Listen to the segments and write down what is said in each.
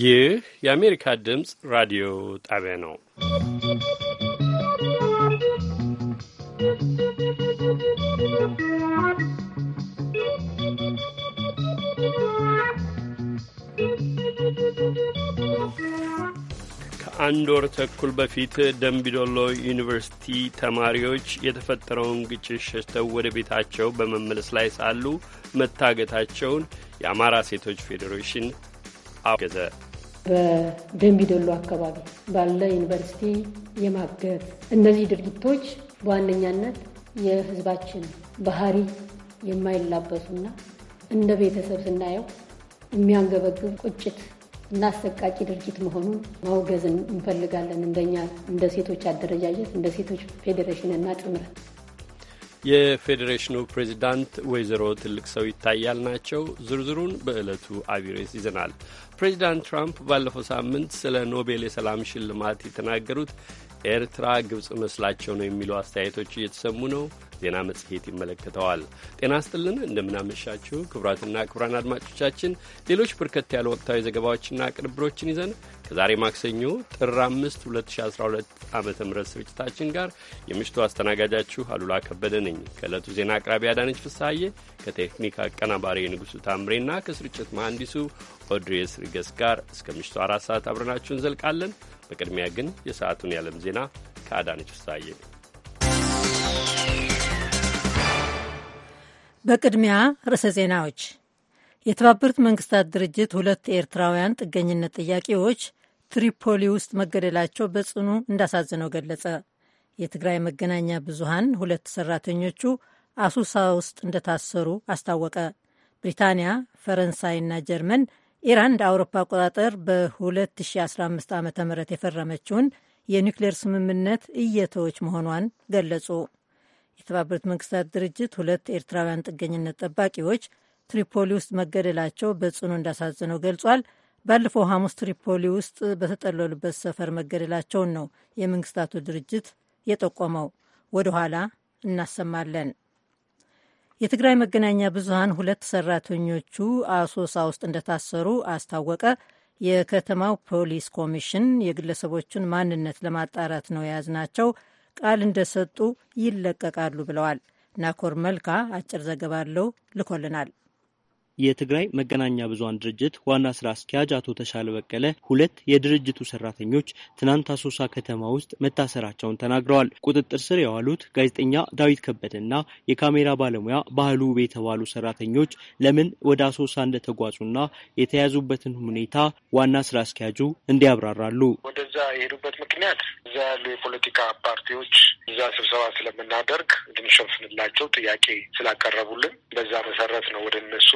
ይህ የአሜሪካ ድምፅ ራዲዮ ጣቢያ ነው። ከአንድ ወር ተኩል በፊት ደምቢዶሎ ዩኒቨርሲቲ ተማሪዎች የተፈጠረውን ግጭት ሸሽተው ወደ ቤታቸው በመመለስ ላይ ሳሉ መታገታቸውን የአማራ ሴቶች ፌዴሬሽን አገዘ። በደንቢ አካባቢ ባለ ዩኒቨርሲቲ የማገት እነዚህ ድርጊቶች በዋነኛነት የሕዝባችን ባህሪ የማይላበሱና እንደ ቤተሰብ ስናየው የሚያንገበግብ ቁጭት እና አሰቃቂ ድርጊት መሆኑን ማውገዝ እንፈልጋለን። እንደኛ እንደ ሴቶች አደረጃጀት እንደ ሴቶች ፌዴሬሽን እና ጥምረት የፌዴሬሽኑ ፕሬዚዳንት ወይዘሮ ትልቅ ሰው ይታያል ናቸው። ዝርዝሩን በዕለቱ አቢሬስ ይዘናል። ፕሬዚዳንት ትራምፕ ባለፈው ሳምንት ስለ ኖቤል የሰላም ሽልማት የተናገሩት ኤርትራ ግብፅ መስላቸው ነው የሚሉ አስተያየቶች እየተሰሙ ነው። ዜና መጽሔት ይመለከተዋል። ጤና ስጥልን፣ እንደምናመሻችሁ ክቡራትና ክቡራን አድማጮቻችን ሌሎች በርከት ያሉ ወቅታዊ ዘገባዎችና ቅንብሮችን ይዘን ከዛሬ ማክሰኞ ጥር 5 2012 ዓ ም ስርጭታችን ጋር የምሽቱ አስተናጋጃችሁ አሉላ ከበደ ነኝ። ከዕለቱ ዜና አቅራቢ አዳነች ፍሳሐዬ ከቴክኒክ አቀናባሪ የንጉሡ ታምሬና ከስርጭት መሐንዲሱ ኦድሬስ ሪገስ ጋር እስከ ምሽቱ አራት ሰዓት አብረናችሁ እንዘልቃለን። በቅድሚያ ግን የሰዓቱን የዓለም ዜና ከአዳነች ፍሳሐዬ በቅድሚያ ርዕሰ ዜናዎች የተባበሩት መንግስታት ድርጅት ሁለት ኤርትራውያን ጥገኝነት ጥያቄዎች ትሪፖሊ ውስጥ መገደላቸው በጽኑ እንዳሳዘነው ገለጸ። የትግራይ መገናኛ ብዙሃን ሁለት ሰራተኞቹ አሱሳ ውስጥ እንደታሰሩ አስታወቀ። ብሪታንያ፣ ፈረንሳይና ጀርመን ኢራን እንደ አውሮፓ አቆጣጠር በ2015 ዓ ም የፈረመችውን የኒውክሌር ስምምነት እየተወች መሆኗን ገለጹ። የተባበሩት መንግስታት ድርጅት ሁለት ኤርትራውያን ጥገኝነት ጠባቂዎች ትሪፖሊ ውስጥ መገደላቸው በጽኑ እንዳሳዘነው ገልጿል። ባለፈው ሐሙስ ትሪፖሊ ውስጥ በተጠለሉበት ሰፈር መገደላቸውን ነው የመንግስታቱ ድርጅት የጠቆመው። ወደ ኋላ እናሰማለን። የትግራይ መገናኛ ብዙሃን ሁለት ሰራተኞቹ አሶሳ ውስጥ እንደታሰሩ አስታወቀ። የከተማው ፖሊስ ኮሚሽን የግለሰቦቹን ማንነት ለማጣራት ነው የያዝናቸው፣ ቃል እንደሰጡ ይለቀቃሉ ብለዋል። ናኮር መልካ አጭር ዘገባ አለው ልኮልናል። የትግራይ መገናኛ ብዙሃን ድርጅት ዋና ስራ አስኪያጅ አቶ ተሻለ በቀለ ሁለት የድርጅቱ ሰራተኞች ትናንት አሶሳ ከተማ ውስጥ መታሰራቸውን ተናግረዋል። ቁጥጥር ስር የዋሉት ጋዜጠኛ ዳዊት ከበደና የካሜራ ባለሙያ ባህሉ ውብ የተባሉ ሰራተኞች ለምን ወደ አሶሳ እንደተጓዙና የተያዙበትን ሁኔታ ዋና ስራ አስኪያጁ እንዲያብራራሉ። ወደዛ የሄዱበት ምክንያት እዛ ያሉ የፖለቲካ ፓርቲዎች እዛ ስብሰባ ስለምናደርግ እንድንሸፍንላቸው ጥያቄ ስላቀረቡልን በዛ መሰረት ነው ወደ እነሱ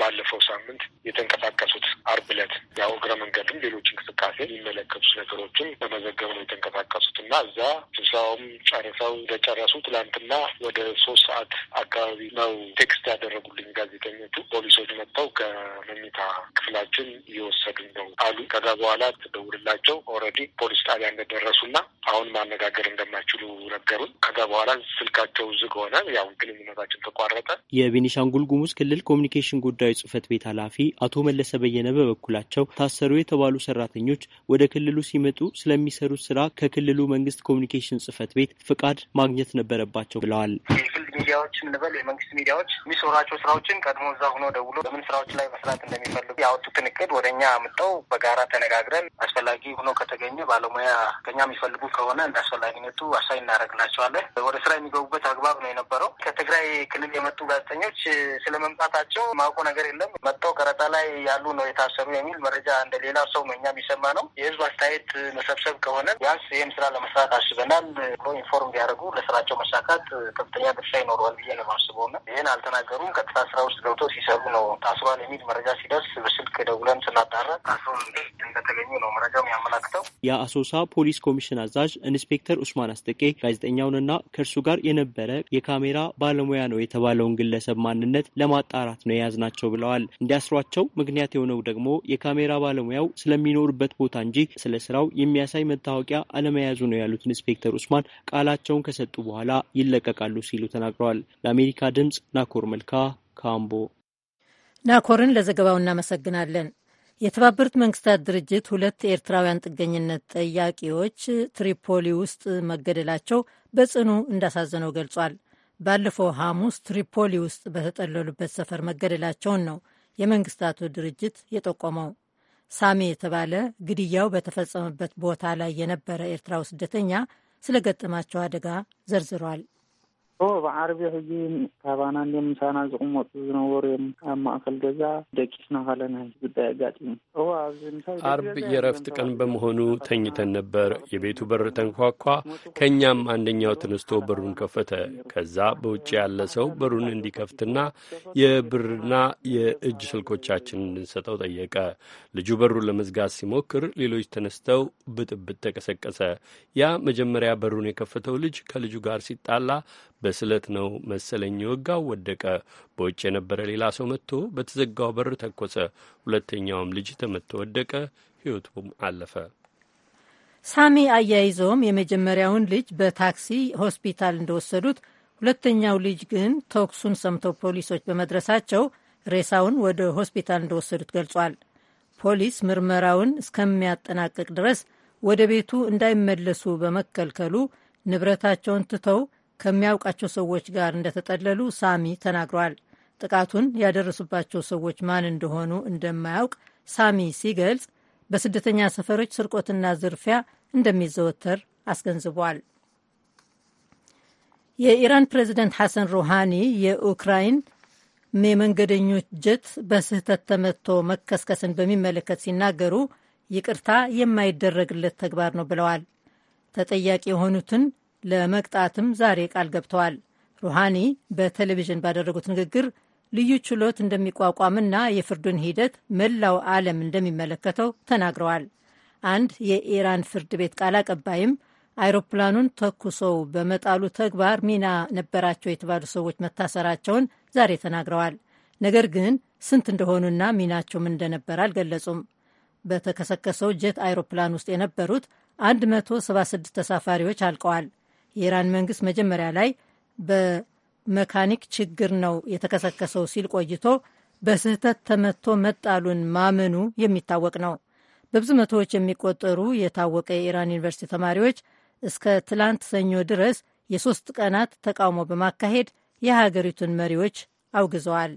ባለፈው ሳምንት የተንቀሳቀሱት አርብ ዕለት ያው እግረ መንገድም ሌሎች እንቅስቃሴ የሚመለከቱ ነገሮችን በመዘገብ ነው የተንቀሳቀሱት እና እዛ ስብሰባውም ጨርሰው እንደጨረሱ ትላንትና ወደ ሶስት ሰዓት አካባቢ ነው ቴክስት ያደረጉልኝ ጋዜጠኞቹ። ፖሊሶች መጥተው ከመኝታ ክፍላችን እየወሰዱ ነው አሉ። ከዛ በኋላ ተደውልላቸው ኦልሬዲ ፖሊስ ጣቢያ እንደደረሱና አሁን ማነጋገር እንደማይችሉ ነገሩን። ከዛ በኋላ ስልካቸው ዝግ ሆነ። ያው ግንኙነታችን ተቋረጠ። የቤኒሻንጉል ጉሙዝ ክልል ኮሚኒኬሽን ጉዳዮች ጽህፈት ቤት ኃላፊ አቶ መለሰ በየነ በበኩላቸው ታሰሩ የተባሉ ሰራተኞች ወደ ክልሉ ሲመጡ ስለሚሰሩት ስራ ከክልሉ መንግስት ኮሚኒኬሽን ጽህፈት ቤት ፍቃድ ማግኘት ነበረባቸው ብለዋል። ሚዲያዎች እንበል የመንግስት ሚዲያዎች የሚሰሯቸው ስራዎችን ቀድሞ እዛ ሆኖ ደውሎ በምን ስራዎች ላይ መስራት እንደሚፈልጉ ያወጡትን እቅድ ወደ እኛ አምጠው በጋራ ተነጋግረን አስፈላጊ ሆኖ ከተገኘ ባለሙያ ከኛ የሚፈልጉ ከሆነ እንደ አስፈላጊነቱ አሳይ እናደርግላቸዋለን። ወደ ስራ የሚገቡበት አግባብ ነው የነበረው። ከትግራይ ክልል የመጡ ጋዜጠኞች ስለመምጣታቸው ማቆ ነገር የለም። መጥተው ቀረጻ ላይ ያሉ ነው የታሰሩ የሚል መረጃ እንደ ሌላ ሰው ነው እኛም የሚሰማ ነው። የህዝብ አስተያየት መሰብሰብ ከሆነ ቢያንስ ይህን ስራ ለመስራት አስበናል ብሎ ኢንፎርም ቢያደርጉ ለስራቸው መሳካት ከፍተኛ ድርሻ ይኖረዋል ብዬ ነው የማስበው። ይህን አልተናገሩም። ቀጥታ ስራ ውስጥ ገብቶ ሲሰሩ ነው ታስሯል የሚል መረጃ ሲደርስ በስልክ ደውለን ስናጣራ ታስሮ እንደተገኙ ነው መረጃው የሚያመላክተው። የአሶሳ ፖሊስ ኮሚሽን አዛዥ ኢንስፔክተር ኡስማን አስጠቄ ጋዜጠኛውንና ከእርሱ ጋር የነበረ የካሜራ ባለሙያ ነው የተባለውን ግለሰብ ማንነት ለማጣራት ነው የያዝናቸው ናቸው ብለዋል። እንዲያስሯቸው ምክንያት የሆነው ደግሞ የካሜራ ባለሙያው ስለሚኖሩበት ቦታ እንጂ ስለ ስራው የሚያሳይ መታወቂያ አለመያዙ ነው ያሉት ኢንስፔክተር ኡስማን ቃላቸውን ከሰጡ በኋላ ይለቀቃሉ ሲሉ ተናግረዋል። ለአሜሪካ ድምፅ ናኮር መልካ ካምቦ። ናኮርን ለዘገባው እናመሰግናለን። የተባበሩት መንግስታት ድርጅት ሁለት ኤርትራውያን ጥገኝነት ጠያቂዎች ትሪፖሊ ውስጥ መገደላቸው በጽኑ እንዳሳዘነው ገልጿል። ባለፈው ሐሙስ ትሪፖሊ ውስጥ በተጠለሉበት ሰፈር መገደላቸውን ነው የመንግስታቱ ድርጅት የጠቆመው። ሳሜ የተባለ ግድያው በተፈጸመበት ቦታ ላይ የነበረ ኤርትራው ስደተኛ ስለገጠማቸው አደጋ ዘርዝሯል። ኦ ብዓርቢ ሕጂ ካባና እንደ ምሳና ዝቕመጡ ዝነበሩ እዮም ኣብ ማእከል ገዛ ደቂስና ከለና ጉዳይ ኣጋጢሙ ኣብዚ ምሳ ዓርብ የረፍት ቀን በመሆኑ ተኝተን ነበር። የቤቱ በር ተንኳኳ። ከእኛም አንደኛው ተነስቶ በሩን ከፈተ። ከዛ በውጭ ያለ ሰው በሩን እንዲከፍትና የብርና የእጅ ስልኮቻችን እንድንሰጠው ጠየቀ። ልጁ በሩን ለመዝጋት ሲሞክር ሌሎች ተነስተው ብጥብጥ ተቀሰቀሰ። ያ መጀመሪያ በሩን የከፈተው ልጅ ከልጁ ጋር ሲጣላ በስለት ነው መሰለኝ ወጋው፣ ወደቀ። በውጭ የነበረ ሌላ ሰው መጥቶ በተዘጋው በር ተኮሰ። ሁለተኛውም ልጅ ተመቶ ወደቀ፣ ህይወቱም አለፈ። ሳሚ አያይዘውም የመጀመሪያውን ልጅ በታክሲ ሆስፒታል እንደወሰዱት፣ ሁለተኛው ልጅ ግን ተኩሱን ሰምተው ፖሊሶች በመድረሳቸው ሬሳውን ወደ ሆስፒታል እንደወሰዱት ገልጿል። ፖሊስ ምርመራውን እስከሚያጠናቅቅ ድረስ ወደ ቤቱ እንዳይመለሱ በመከልከሉ ንብረታቸውን ትተው ከሚያውቃቸው ሰዎች ጋር እንደተጠለሉ ሳሚ ተናግሯል። ጥቃቱን ያደረሱባቸው ሰዎች ማን እንደሆኑ እንደማያውቅ ሳሚ ሲገልጽ በስደተኛ ሰፈሮች ስርቆትና ዝርፊያ እንደሚዘወተር አስገንዝቧል። የኢራን ፕሬዚደንት ሐሰን ሩሃኒ የኡክራይን የመንገደኞች ጀት በስህተት ተመትቶ መከስከስን በሚመለከት ሲናገሩ ይቅርታ የማይደረግለት ተግባር ነው ብለዋል። ተጠያቂ የሆኑትን ለመቅጣትም ዛሬ ቃል ገብተዋል። ሩሃኒ በቴሌቪዥን ባደረጉት ንግግር ልዩ ችሎት እንደሚቋቋምና የፍርዱን ሂደት መላው ዓለም እንደሚመለከተው ተናግረዋል። አንድ የኢራን ፍርድ ቤት ቃል አቀባይም አይሮፕላኑን ተኩሰው በመጣሉ ተግባር ሚና ነበራቸው የተባሉ ሰዎች መታሰራቸውን ዛሬ ተናግረዋል። ነገር ግን ስንት እንደሆኑና ሚናቸውም እንደነበር አልገለጹም። በተከሰከሰው ጀት አይሮፕላን ውስጥ የነበሩት 176 ተሳፋሪዎች አልቀዋል። የኢራን መንግስት መጀመሪያ ላይ በመካኒክ ችግር ነው የተከሰከሰው ሲል ቆይቶ በስህተት ተመቶ መጣሉን ማመኑ የሚታወቅ ነው። በብዙ መቶዎች የሚቆጠሩ የታወቀ የኢራን ዩኒቨርሲቲ ተማሪዎች እስከ ትላንት ሰኞ ድረስ የሶስት ቀናት ተቃውሞ በማካሄድ የሀገሪቱን መሪዎች አውግዘዋል።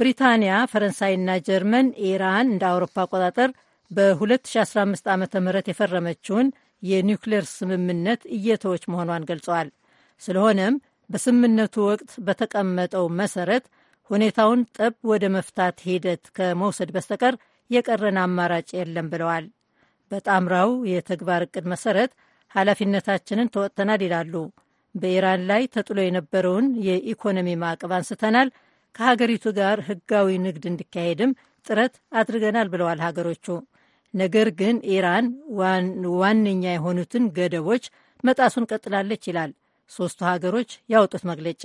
ብሪታንያ፣ ፈረንሳይና ጀርመን ኢራን እንደ አውሮፓ አቆጣጠር በ2015 ዓ ም የፈረመችውን የኒውክሌር ስምምነት እየተወች መሆኗን ገልጸዋል። ስለሆነም በስምምነቱ ወቅት በተቀመጠው መሰረት ሁኔታውን ጠብ ወደ መፍታት ሂደት ከመውሰድ በስተቀር የቀረን አማራጭ የለም ብለዋል። በጣምራው የተግባር እቅድ መሰረት ኃላፊነታችንን ተወጥተናል ይላሉ። በኢራን ላይ ተጥሎ የነበረውን የኢኮኖሚ ማዕቀብ አንስተናል። ከሀገሪቱ ጋር ህጋዊ ንግድ እንዲካሄድም ጥረት አድርገናል ብለዋል ሀገሮቹ ነገር ግን ኢራን ዋነኛ የሆኑትን ገደቦች መጣሱን ቀጥላለች ይላል ሦስቱ ሀገሮች ያወጡት መግለጫ።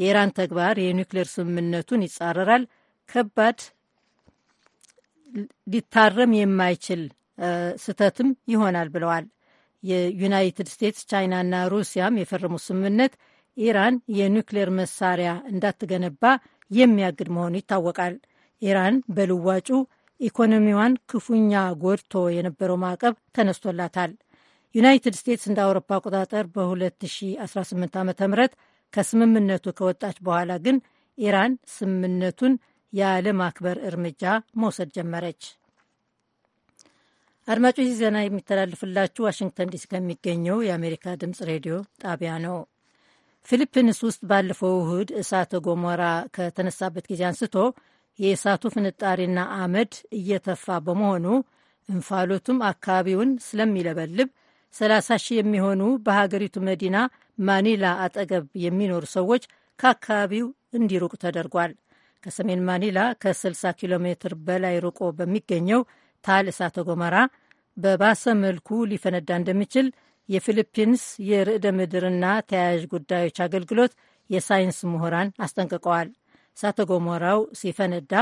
የኢራን ተግባር የኒውክሌር ስምምነቱን ይጻረራል፣ ከባድ ሊታረም የማይችል ስህተትም ይሆናል ብለዋል። የዩናይትድ ስቴትስ ቻይናና ሩሲያም የፈረሙት ስምምነት ኢራን የኒውክሌር መሳሪያ እንዳትገነባ የሚያግድ መሆኑ ይታወቃል። ኢራን በልዋጩ ኢኮኖሚዋን ክፉኛ ጎድቶ የነበረው ማዕቀብ ተነስቶላታል። ዩናይትድ ስቴትስ እንደ አውሮፓ አቆጣጠር በ2018 ዓ ም ከስምምነቱ ከወጣች በኋላ ግን ኢራን ስምምነቱን ያለ አክበር እርምጃ መውሰድ ጀመረች። አድማጮች ዜና የሚተላልፍላችሁ ዋሽንግተን ዲሲ ከሚገኘው የአሜሪካ ድምፅ ሬዲዮ ጣቢያ ነው። ፊሊፒንስ ውስጥ ባለፈው እሁድ እሳተ ገሞራ ከተነሳበት ጊዜ አንስቶ የእሳቱ ፍንጣሪና አመድ እየተፋ በመሆኑ እንፋሎቱም አካባቢውን ስለሚለበልብ 30 ሺህ የሚሆኑ በሀገሪቱ መዲና ማኒላ አጠገብ የሚኖሩ ሰዎች ከአካባቢው እንዲሩቅ ተደርጓል። ከሰሜን ማኒላ ከ60 ኪሎ ሜትር በላይ ርቆ በሚገኘው ታል እሳተ ጎመራ በባሰ መልኩ ሊፈነዳ እንደሚችል የፊሊፒንስ የርዕደ ምድርና ተያያዥ ጉዳዮች አገልግሎት የሳይንስ ምሁራን አስጠንቅቀዋል። እሳተ ገሞራው ሲፈነዳ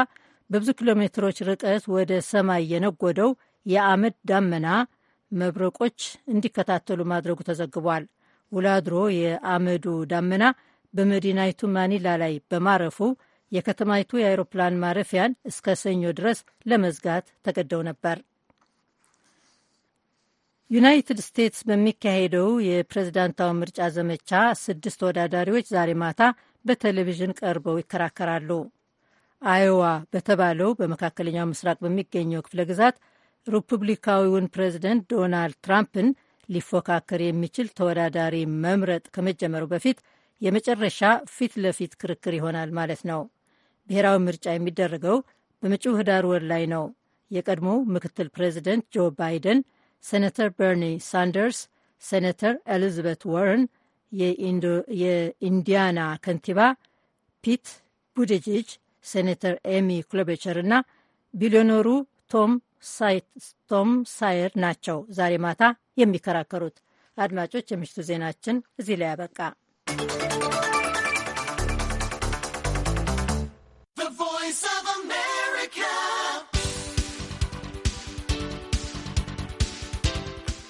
በብዙ ኪሎ ሜትሮች ርቀት ወደ ሰማይ የነጎደው የአመድ ዳመና መብረቆች እንዲከታተሉ ማድረጉ ተዘግቧል። ውላድሮ የአመዱ ዳመና በመዲናይቱ ማኒላ ላይ በማረፉ የከተማይቱ የአውሮፕላን ማረፊያን እስከ ሰኞ ድረስ ለመዝጋት ተገደው ነበር። ዩናይትድ ስቴትስ በሚካሄደው የፕሬዝዳንታዊ ምርጫ ዘመቻ ስድስት ተወዳዳሪዎች ዛሬ ማታ በቴሌቪዥን ቀርበው ይከራከራሉ። አዮዋ በተባለው በመካከለኛው ምስራቅ በሚገኘው ክፍለ ግዛት ሪፑብሊካዊውን ፕሬዚደንት ዶናልድ ትራምፕን ሊፎካከር የሚችል ተወዳዳሪ መምረጥ ከመጀመሩ በፊት የመጨረሻ ፊት ለፊት ክርክር ይሆናል ማለት ነው። ብሔራዊ ምርጫ የሚደረገው በመጪው ህዳር ወር ላይ ነው። የቀድሞው ምክትል ፕሬዚደንት ጆ ባይደን፣ ሴኔተር በርኒ ሳንደርስ፣ ሴኔተር ኤሊዝበት ዋረን የኢንዲያና ከንቲባ ፒት ቡድጅጅ፣ ሴኔተር ኤሚ ክሎቤቸርና ቢሊዮነሩ ቶም ሳየር ናቸው ዛሬ ማታ የሚከራከሩት። አድማጮች፣ የምሽቱ ዜናችን እዚህ ላይ you.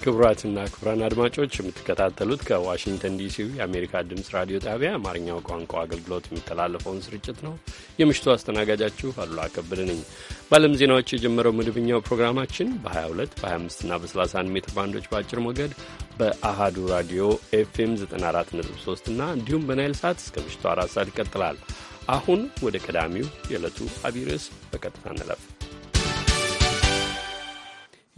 ክቡራትና ክቡራን አድማጮች የምትከታተሉት ከዋሽንግተን ዲሲ የአሜሪካ ድምፅ ራዲዮ ጣቢያ አማርኛው ቋንቋ አገልግሎት የሚተላለፈውን ስርጭት ነው። የምሽቱ አስተናጋጃችሁ አሉላ ከበደ ነኝ። በዓለም ዜናዎች የጀመረው መደበኛው ፕሮግራማችን በ22 በ25ና በ31 ሜትር ባንዶች በአጭር ሞገድ በአሃዱ ራዲዮ ኤፍኤም 943 እና እንዲሁም በናይል ሰዓት እስከ ምሽቱ አራት ሰዓት ይቀጥላል። አሁን ወደ ቀዳሚው የዕለቱ አቢይ ርዕስ በቀጥታ እንለፍ።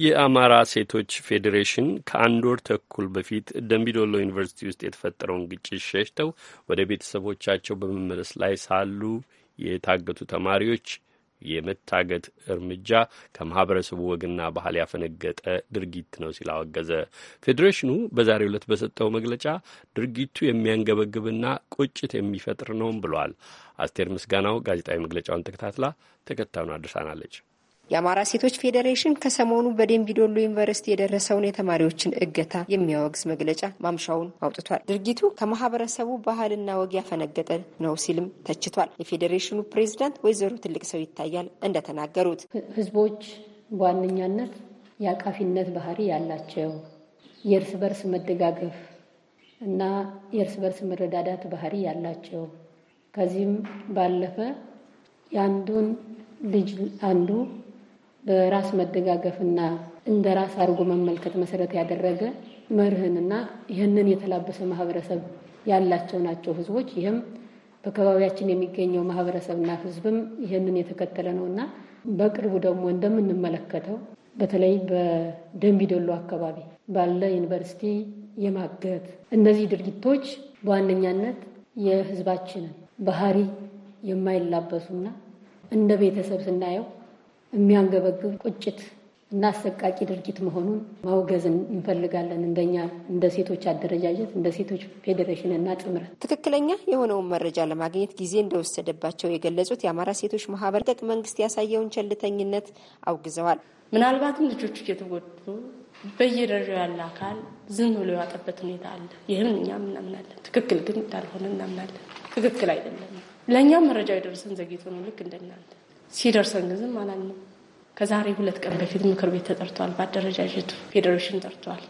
የአማራ ሴቶች ፌዴሬሽን ከአንድ ወር ተኩል በፊት ደምቢዶሎ ዩኒቨርሲቲ ውስጥ የተፈጠረውን ግጭት ሸሽተው ወደ ቤተሰቦቻቸው በመመለስ ላይ ሳሉ የታገቱ ተማሪዎች የመታገት እርምጃ ከማህበረሰቡ ወግና ባህል ያፈነገጠ ድርጊት ነው ሲል አወገዘ። ፌዴሬሽኑ በዛሬ ዕለት በሰጠው መግለጫ ድርጊቱ የሚያንገበግብና ቁጭት የሚፈጥር ነውም ብሏል። አስቴር ምስጋናው ጋዜጣዊ መግለጫውን ተከታትላ ተከታዩን አድርሳናለች። የአማራ ሴቶች ፌዴሬሽን ከሰሞኑ በደምቢዶሎ ዩኒቨርሲቲ የደረሰውን የተማሪዎችን እገታ የሚያወግዝ መግለጫ ማምሻውን አውጥቷል። ድርጊቱ ከማህበረሰቡ ባህልና ወግ ያፈነገጠ ነው ሲልም ተችቷል። የፌዴሬሽኑ ፕሬዚዳንት ወይዘሮ ትልቅ ሰው ይታያል እንደተናገሩት ህዝቦች በዋነኛነት የአቃፊነት ባህሪ ያላቸው የእርስ በርስ መደጋገፍ እና የእርስ በርስ መረዳዳት ባህሪ ያላቸው ከዚህም ባለፈ የአንዱን ልጅ አንዱ በራስ መደጋገፍና እንደ ራስ አድርጎ መመልከት መሰረት ያደረገ መርህንና ይህንን የተላበሰ ማህበረሰብ ያላቸው ናቸው ህዝቦች። ይህም በአካባቢያችን የሚገኘው ማህበረሰብና ህዝብም ይህንን የተከተለ ነው እና በቅርቡ ደግሞ እንደምንመለከተው በተለይ በደንቢዶሎ አካባቢ ባለ ዩኒቨርሲቲ የማገት እነዚህ ድርጊቶች በዋነኛነት የህዝባችንን ባህሪ የማይላበሱና እንደ ቤተሰብ ስናየው የሚያንገበግብ ቁጭት እና አሰቃቂ ድርጊት መሆኑን ማውገዝ እንፈልጋለን። እንደኛ እንደ ሴቶች አደረጃጀት እንደ ሴቶች ፌዴሬሽን እና ጥምረት ትክክለኛ የሆነውን መረጃ ለማግኘት ጊዜ እንደወሰደባቸው የገለጹት የአማራ ሴቶች ማህበር ጠቅ መንግስት ያሳየውን ቸልተኝነት አውግዘዋል። ምናልባትም ልጆቹ እየተጎዱ በየደረጃው ያለ አካል ዝም ብሎ የዋጠበት ሁኔታ አለ። ይህም እኛም እናምናለን። ትክክል ግን እንዳልሆነ እናምናለን። ትክክል አይደለም። ለእኛም መረጃ የደረሰን ዘግይቶ ነው ልክ እንደናንተ ሲደርሰን ግን ዝም አላልንም። ከዛሬ ሁለት ቀን በፊት ምክር ቤት ተጠርቷል። በአደረጃጀቱ ፌዴሬሽን ጠርቷል።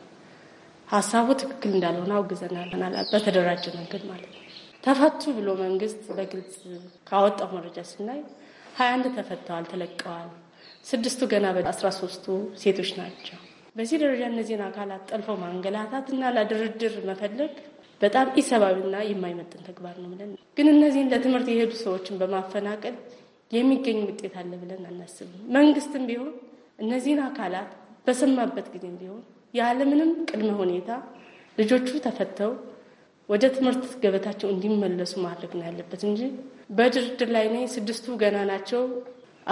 ሀሳቡ ትክክል እንዳልሆነ አውግዘናል። በተደራጀ መንገድ ማለት ነው። ተፈቱ ብሎ መንግስት በግልጽ ካወጣው መረጃ ስናይ ሀያ አንድ ተፈተዋል፣ ተለቀዋል። ስድስቱ ገና በአስራ ሶስቱ ሴቶች ናቸው። በዚህ ደረጃ እነዚህን አካላት ጠልፎ ማንገላታት እና ለድርድር መፈለግ በጣም ኢሰብአዊና የማይመጥን ተግባር ነው ብለን ግን እነዚህን ለትምህርት የሄዱ ሰዎችን በማፈናቀል የሚገኝ ውጤት አለ ብለን አናስብም። መንግስትም ቢሆን እነዚህን አካላት በሰማበት ጊዜ ቢሆን ያለምንም ቅድመ ሁኔታ ልጆቹ ተፈተው ወደ ትምህርት ገበታቸው እንዲመለሱ ማድረግ ነው ያለበት እንጂ በድርድር ላይ እኔ ስድስቱ ገና ናቸው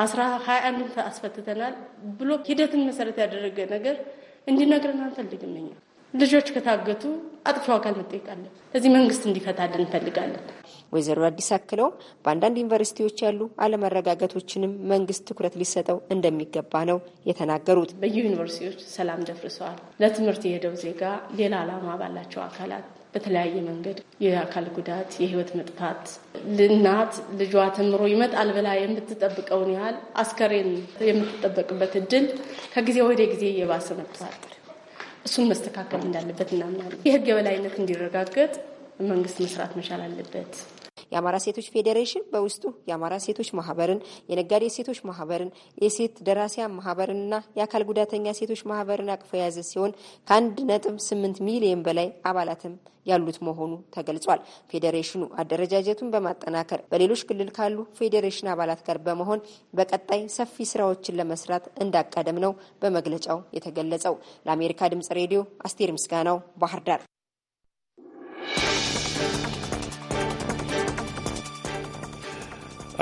አስራ ሀያ አንዱን አስፈትተናል ብሎ ሂደትን መሰረት ያደረገ ነገር እንዲነግረን አንፈልግም። እኛ ልጆች ከታገቱ አጥፊው አካል መጠየቅ አለን። ለዚህ መንግስት እንዲፈታልን እንፈልጋለን። ወይዘሮ አዲስ አክለውም በአንዳንድ ዩኒቨርሲቲዎች ያሉ አለመረጋጋቶችንም መንግስት ትኩረት ሊሰጠው እንደሚገባ ነው የተናገሩት። በየዩኒቨርሲቲዎች ሰላም ደፍርሰዋል። ለትምህርት የሄደው ዜጋ ሌላ ዓላማ ባላቸው አካላት በተለያየ መንገድ የአካል ጉዳት፣ የህይወት መጥፋት እናት ልጇ ተምሮ ይመጣል ብላ የምትጠብቀውን ያህል አስከሬን የምትጠበቅበት እድል ከጊዜ ወደ ጊዜ እየባሰ መጥቷል። እሱን መስተካከል እንዳለበት እናምናለን። የህግ የበላይነት እንዲረጋገጥ መንግስት መስራት መቻል አለበት። የአማራ ሴቶች ፌዴሬሽን በውስጡ የአማራ ሴቶች ማህበርን፣ የነጋዴ ሴቶች ማህበርን፣ የሴት ደራሲያን ማህበርንና የአካል ጉዳተኛ ሴቶች ማህበርን አቅፎ የያዘ ሲሆን ከአንድ ነጥብ ስምንት ሚሊዮን በላይ አባላትም ያሉት መሆኑ ተገልጿል። ፌዴሬሽኑ አደረጃጀቱን በማጠናከር በሌሎች ክልል ካሉ ፌዴሬሽን አባላት ጋር በመሆን በቀጣይ ሰፊ ስራዎችን ለመስራት እንዳቀደም ነው በመግለጫው የተገለጸው። ለአሜሪካ ድምጽ ሬዲዮ አስቴር ምስጋናው ባህር ዳር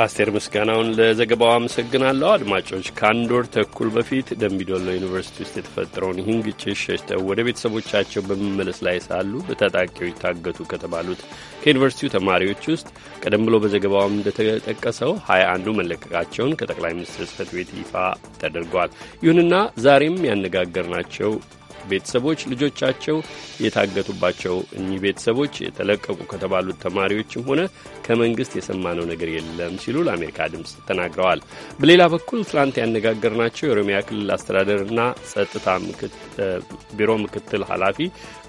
አስቴር ምስጋናውን ለዘገባው አመሰግናለሁ። አድማጮች ከአንድ ወር ተኩል በፊት ደምቢዶሎ ዩኒቨርሲቲ ውስጥ የተፈጠረውን ይህን ግጭት ሸሽተው ወደ ቤተሰቦቻቸው በመመለስ ላይ ሳሉ በታጣቂዎች ታገቱ ከተባሉት ከዩኒቨርሲቲው ተማሪዎች ውስጥ ቀደም ብሎ በዘገባውም እንደተጠቀሰው ሀያ አንዱ መለቀቃቸውን ከጠቅላይ ሚኒስትር ጽህፈት ቤት ይፋ ተደርጓል። ይሁንና ዛሬም ያነጋገርናቸው ቤተሰቦች ልጆቻቸው የታገቱባቸው እኚህ ቤተሰቦች የተለቀቁ ከተባሉት ተማሪዎችም ሆነ ከመንግስት የሰማነው ነገር የለም ሲሉ ለአሜሪካ ድምፅ ተናግረዋል። በሌላ በኩል ትላንት ያነጋገርናቸው የኦሮሚያ ክልል አስተዳደርና ጸጥታ ቢሮ ምክትል ኃላፊ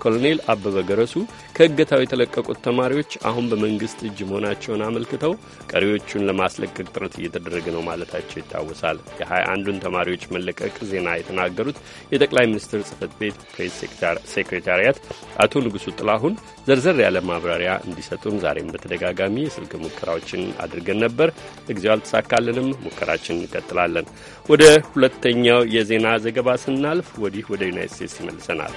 ኮሎኔል አበበ ገረሱ ከእገታው የተለቀቁት ተማሪዎች አሁን በመንግስት እጅ መሆናቸውን አመልክተው ቀሪዎቹን ለማስለቀቅ ጥረት እየተደረገ ነው ማለታቸው ይታወሳል። የሀያ አንዱን ተማሪዎች መለቀቅ ዜና የተናገሩት የጠቅላይ ሚኒስትር ጽህፈት ቤት ቤት ፕሬስ ሴክሬታሪያት አቶ ንጉሱ ጥላሁን ዘርዘር ያለ ማብራሪያ እንዲሰጡን ዛሬም በተደጋጋሚ የስልክ ሙከራዎችን አድርገን ነበር። ለጊዜው አልተሳካልንም። ሙከራችን እንቀጥላለን። ወደ ሁለተኛው የዜና ዘገባ ስናልፍ ወዲህ ወደ ዩናይት ስቴትስ ይመልሰናል።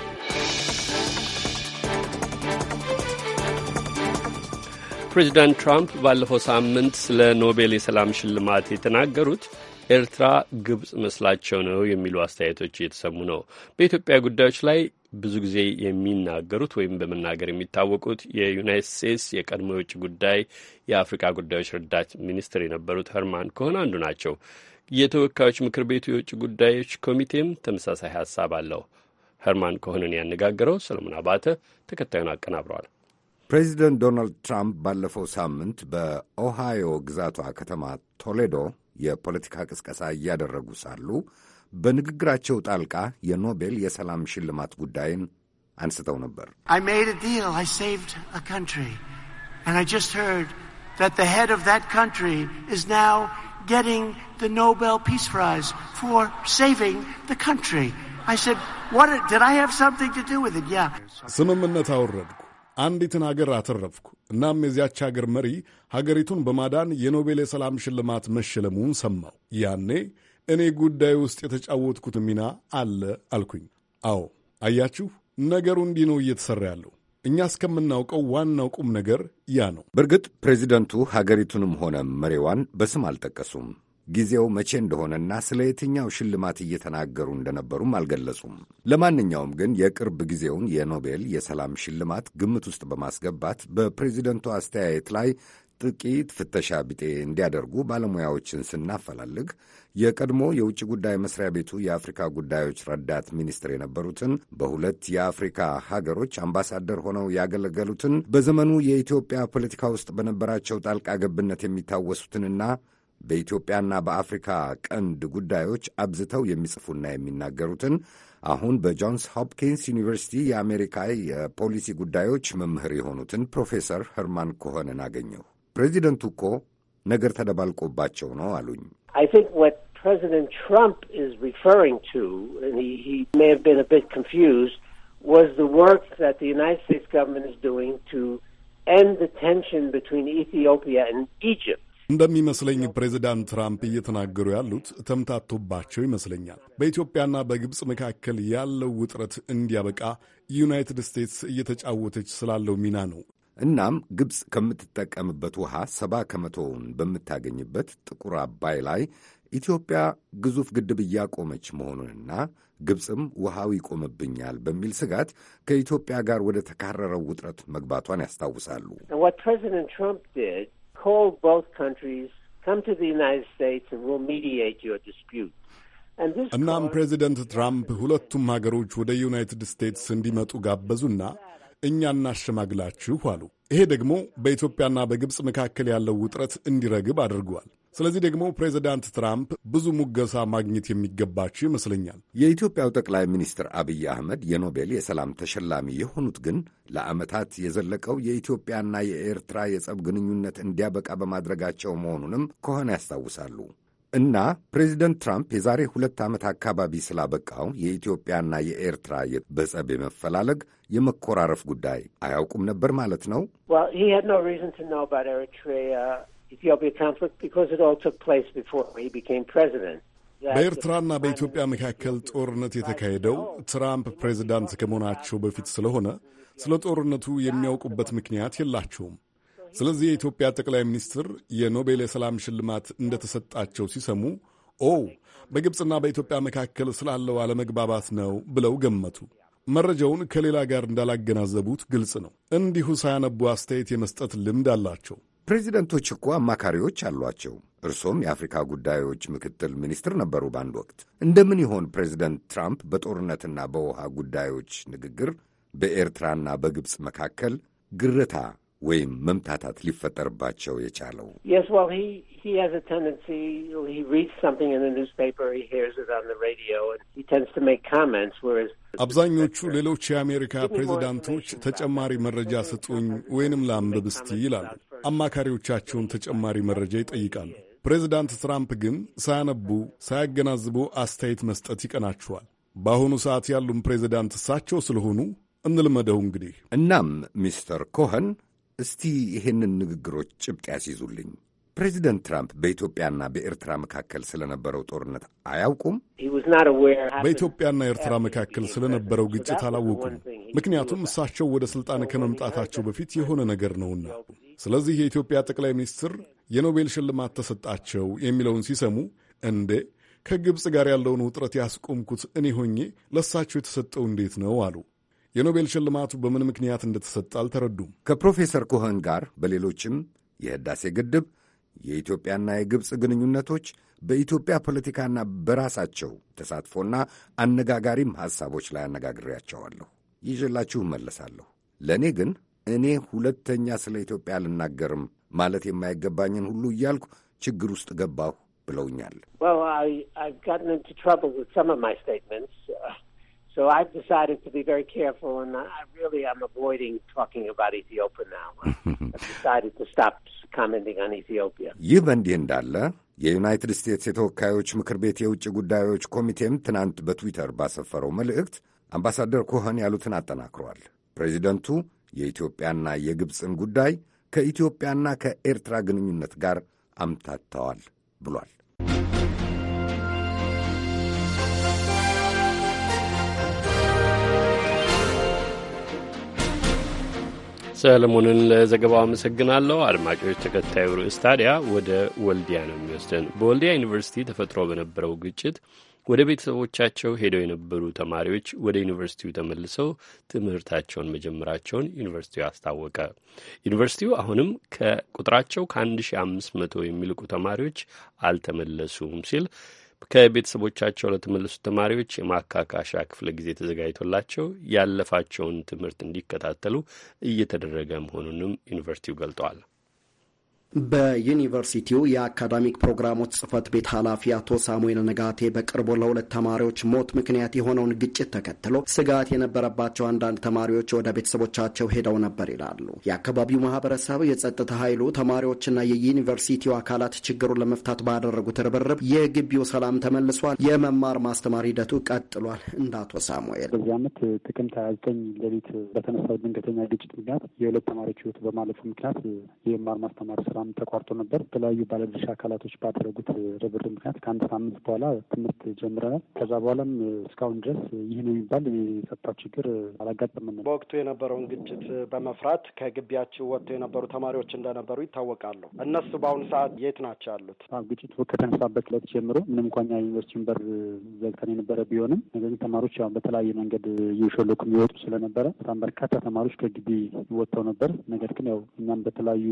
ፕሬዚዳንት ትራምፕ ባለፈው ሳምንት ስለ ኖቤል የሰላም ሽልማት የተናገሩት ኤርትራ ግብጽ መስላቸው ነው የሚሉ አስተያየቶች እየተሰሙ ነው። በኢትዮጵያ ጉዳዮች ላይ ብዙ ጊዜ የሚናገሩት ወይም በመናገር የሚታወቁት የዩናይትድ ስቴትስ የቀድሞ የውጭ ጉዳይ የአፍሪካ ጉዳዮች ረዳት ሚኒስትር የነበሩት ህርማን ከሆነ አንዱ ናቸው። የተወካዮች ምክር ቤቱ የውጭ ጉዳዮች ኮሚቴም ተመሳሳይ ሀሳብ አለው። ህርማን ከሆነን ያነጋገረው ሰለሞን አባተ ተከታዩን አቀናብረዋል። ፕሬዚደንት ዶናልድ ትራምፕ ባለፈው ሳምንት በኦሃዮ ግዛቷ ከተማ ቶሌዶ የፖለቲካ ቅስቀሳ እያደረጉ ሳሉ በንግግራቸው ጣልቃ የኖቤል የሰላም ሽልማት ጉዳይን አንስተው ነበር። ስምምነት አወረድኩ አንዲትን ሀገር አተረፍኩ። እናም የዚያች ሀገር መሪ ሀገሪቱን በማዳን የኖቤል የሰላም ሽልማት መሸለሙን ሰማው ያኔ እኔ ጉዳይ ውስጥ የተጫወትኩት ሚና አለ አልኩኝ። አዎ አያችሁ፣ ነገሩ እንዲህ ነው እየተሰራ ያለው። እኛ እስከምናውቀው ዋናው ቁም ነገር ያ ነው። በእርግጥ ፕሬዚደንቱ ሀገሪቱንም ሆነ መሪዋን በስም አልጠቀሱም። ጊዜው መቼ እንደሆነና ስለ የትኛው ሽልማት እየተናገሩ እንደነበሩም አልገለጹም። ለማንኛውም ግን የቅርብ ጊዜውን የኖቤል የሰላም ሽልማት ግምት ውስጥ በማስገባት በፕሬዚደንቱ አስተያየት ላይ ጥቂት ፍተሻ ቢጤ እንዲያደርጉ ባለሙያዎችን ስናፈላልግ የቀድሞ የውጭ ጉዳይ መስሪያ ቤቱ የአፍሪካ ጉዳዮች ረዳት ሚኒስትር የነበሩትን በሁለት የአፍሪካ ሀገሮች አምባሳደር ሆነው ያገለገሉትን በዘመኑ የኢትዮጵያ ፖለቲካ ውስጥ በነበራቸው ጣልቃ ገብነት የሚታወሱትንና በኢትዮጵያና በአፍሪካ ቀንድ ጉዳዮች አብዝተው የሚጽፉና የሚናገሩትን አሁን በጆንስ ሆፕኪንስ ዩኒቨርሲቲ የአሜሪካ የፖሊሲ ጉዳዮች መምህር የሆኑትን ፕሮፌሰር ሄርማን ኮኸንን አገኘሁ። ፕሬዚደንቱ እኮ ነገር ተደባልቆባቸው ነው አሉኝ። President Trump is referring to, and he, he may have been a bit confused, was the work that the United States government is doing to end the tension between Ethiopia and Egypt. እንደሚመስለኝ ፕሬዚዳንት ትራምፕ እየተናገሩ ያሉት ተምታቶባቸው ይመስለኛል። በኢትዮጵያና በግብፅ መካከል ያለው ውጥረት እንዲያበቃ ዩናይትድ ስቴትስ እየተጫወተች ስላለው ሚና ነው። እናም ግብፅ ከምትጠቀምበት ውሃ ሰባ ከመቶውን በምታገኝበት ጥቁር አባይ ላይ ኢትዮጵያ ግዙፍ ግድብ እያቆመች መሆኑንና ግብፅም ውሃው ይቆምብኛል በሚል ስጋት ከኢትዮጵያ ጋር ወደ ተካረረው ውጥረት መግባቷን ያስታውሳሉ። call both countries, come to the United States and we'll mediate your dispute. እናም ፕሬዚደንት ትራምፕ ሁለቱም ሀገሮች ወደ ዩናይትድ ስቴትስ እንዲመጡ ጋበዙና እኛ እናሸማግላችሁ አሉ። ይሄ ደግሞ በኢትዮጵያና በግብፅ መካከል ያለው ውጥረት እንዲረግብ አድርጓል። ስለዚህ ደግሞ ፕሬዚዳንት ትራምፕ ብዙ ሙገሳ ማግኘት የሚገባቸው ይመስለኛል። የኢትዮጵያው ጠቅላይ ሚኒስትር አብይ አህመድ የኖቤል የሰላም ተሸላሚ የሆኑት ግን ለዓመታት የዘለቀው የኢትዮጵያና የኤርትራ የጸብ ግንኙነት እንዲያበቃ በማድረጋቸው መሆኑንም ከሆነ ያስታውሳሉ። እና ፕሬዚደንት ትራምፕ የዛሬ ሁለት ዓመት አካባቢ ስላበቃው የኢትዮጵያና የኤርትራ በጸብ የመፈላለግ የመኮራረፍ ጉዳይ አያውቁም ነበር ማለት ነው። በኤርትራና በኢትዮጵያ መካከል ጦርነት የተካሄደው ትራምፕ ፕሬዚዳንት ከመሆናቸው በፊት ስለሆነ ስለ ጦርነቱ የሚያውቁበት ምክንያት የላቸውም። ስለዚህ የኢትዮጵያ ጠቅላይ ሚኒስትር የኖቤል የሰላም ሽልማት እንደተሰጣቸው ሲሰሙ ኦ በግብፅና በኢትዮጵያ መካከል ስላለው አለመግባባት ነው ብለው ገመቱ። መረጃውን ከሌላ ጋር እንዳላገናዘቡት ግልጽ ነው። እንዲሁ ሳያነቡ አስተያየት የመስጠት ልምድ አላቸው። ፕሬዚደንቶች እኮ አማካሪዎች አሏቸው። እርሶም የአፍሪካ ጉዳዮች ምክትል ሚኒስትር ነበሩ በአንድ ወቅት። እንደምን ይሆን ፕሬዚደንት ትራምፕ በጦርነትና በውሃ ጉዳዮች ንግግር በኤርትራና በግብፅ መካከል ግርታ ወይም መምታታት ሊፈጠርባቸው የቻለው? አብዛኞቹ ሌሎች የአሜሪካ ፕሬዚዳንቶች ተጨማሪ መረጃ ስጡኝ ወይንም ላንብብ እስቲ ይላሉ። አማካሪዎቻቸውን ተጨማሪ መረጃ ይጠይቃሉ። ፕሬዚዳንት ትራምፕ ግን ሳያነቡ ሳያገናዝቡ አስተያየት መስጠት ይቀናቸዋል። በአሁኑ ሰዓት ያሉም ፕሬዚዳንት እሳቸው ስለሆኑ እንልመደው እንግዲህ። እናም ሚስተር ኮኸን እስቲ ይህንን ንግግሮች ጭብጥ ያስይዙልኝ። ፕሬዚደንት ትራምፕ በኢትዮጵያና በኤርትራ መካከል ስለነበረው ጦርነት አያውቁም። በኢትዮጵያና ኤርትራ መካከል ስለነበረው ግጭት አላወቁም። ምክንያቱም እሳቸው ወደ ሥልጣን ከመምጣታቸው በፊት የሆነ ነገር ነውና ስለዚህ የኢትዮጵያ ጠቅላይ ሚኒስትር የኖቤል ሽልማት ተሰጣቸው የሚለውን ሲሰሙ እንዴ ከግብፅ ጋር ያለውን ውጥረት ያስቆምኩት እኔ ሆኜ ለእሳቸው የተሰጠው እንዴት ነው አሉ። የኖቤል ሽልማቱ በምን ምክንያት እንደተሰጠ አልተረዱም። ከፕሮፌሰር ኮኸን ጋር በሌሎችም የህዳሴ ግድብ፣ የኢትዮጵያና የግብፅ ግንኙነቶች፣ በኢትዮጵያ ፖለቲካና በራሳቸው ተሳትፎና አነጋጋሪም ሐሳቦች ላይ አነጋግሬያቸዋለሁ። ይዤላችሁ እመለሳለሁ። ለእኔ ግን እኔ ሁለተኛ ስለ ኢትዮጵያ አልናገርም ማለት የማይገባኝን ሁሉ እያልኩ ችግር ውስጥ ገባሁ ብለውኛል። ይህ በእንዲህ እንዳለ የዩናይትድ ስቴትስ የተወካዮች ምክር ቤት የውጭ ጉዳዮች ኮሚቴም ትናንት በትዊተር ባሰፈረው መልእክት አምባሳደር ኮኸን ያሉትን አጠናክሯል። ፕሬዚደንቱ የኢትዮጵያና የግብፅን ጉዳይ ከኢትዮጵያና ከኤርትራ ግንኙነት ጋር አምታተዋል ብሏል። ሰለሞንን ለዘገባው አመሰግናለሁ። አድማጮች፣ ተከታዩ ርዕስ ታዲያ ወደ ወልዲያ ነው የሚወስደን። በወልዲያ ዩኒቨርሲቲ ተፈጥሮ በነበረው ግጭት ወደ ቤተሰቦቻቸው ሄደው የነበሩ ተማሪዎች ወደ ዩኒቨርሲቲው ተመልሰው ትምህርታቸውን መጀመራቸውን ዩኒቨርሲቲው አስታወቀ። ዩኒቨርሲቲው አሁንም ከቁጥራቸው ከ1500 የሚልቁ ተማሪዎች አልተመለሱም ሲል ከቤተሰቦቻቸው ለተመለሱ ተማሪዎች የማካካሻ ክፍለ ጊዜ ተዘጋጅቶላቸው ያለፋቸውን ትምህርት እንዲከታተሉ እየተደረገ መሆኑንም ዩኒቨርሲቲው ገልጠዋል። በዩኒቨርሲቲው የአካዳሚክ ፕሮግራሞች ጽህፈት ቤት ኃላፊ አቶ ሳሙኤል ነጋቴ በቅርቡ ለሁለት ተማሪዎች ሞት ምክንያት የሆነውን ግጭት ተከትሎ ስጋት የነበረባቸው አንዳንድ ተማሪዎች ወደ ቤተሰቦቻቸው ሄደው ነበር ይላሉ። የአካባቢው ማህበረሰብ፣ የጸጥታ ኃይሉ፣ ተማሪዎችና የዩኒቨርሲቲው አካላት ችግሩን ለመፍታት ባደረጉት ርብርብ የግቢው ሰላም ተመልሷል። የመማር ማስተማር ሂደቱ ቀጥሏል። እንደ አቶ ሳሙኤል በዚህ ዓመት ጥቅምት ሀያ ዘጠኝ ሌሊት በተነሳው ድንገተኛ ግጭት ምክንያት የሁለት ተማሪዎች ህይወት በማለፉ ምክንያት የመማር ማስተማር ስራ ፕሮግራም ተቋርጦ ነበር። የተለያዩ ባለድርሻ አካላቶች ባደረጉት ርብር ምክንያት ከአንድ ሳምንት በኋላ ትምህርት ጀምረናል። ከዛ በኋላም እስካሁን ድረስ ይህ ነው የሚባል የጸጥታ ችግር አላጋጠመንም። በወቅቱ የነበረውን ግጭት በመፍራት ከግቢያቸው ወጥተው የነበሩ ተማሪዎች እንደነበሩ ይታወቃሉ። እነሱ በአሁኑ ሰዓት የት ናቸው ያሉት? ግጭቱ ከተነሳበት ዕለት ጀምሮ ምንም እንኳን ዩኒቨርሲቲውን በር ዘግተን የነበረ ቢሆንም ነገር ግን ተማሪዎች ያው በተለያየ መንገድ እየሾለኩ የሚወጡ ስለነበረ በጣም በርካታ ተማሪዎች ከግቢ ወጥተው ነበር። ነገር ግን ያው እኛም በተለያዩ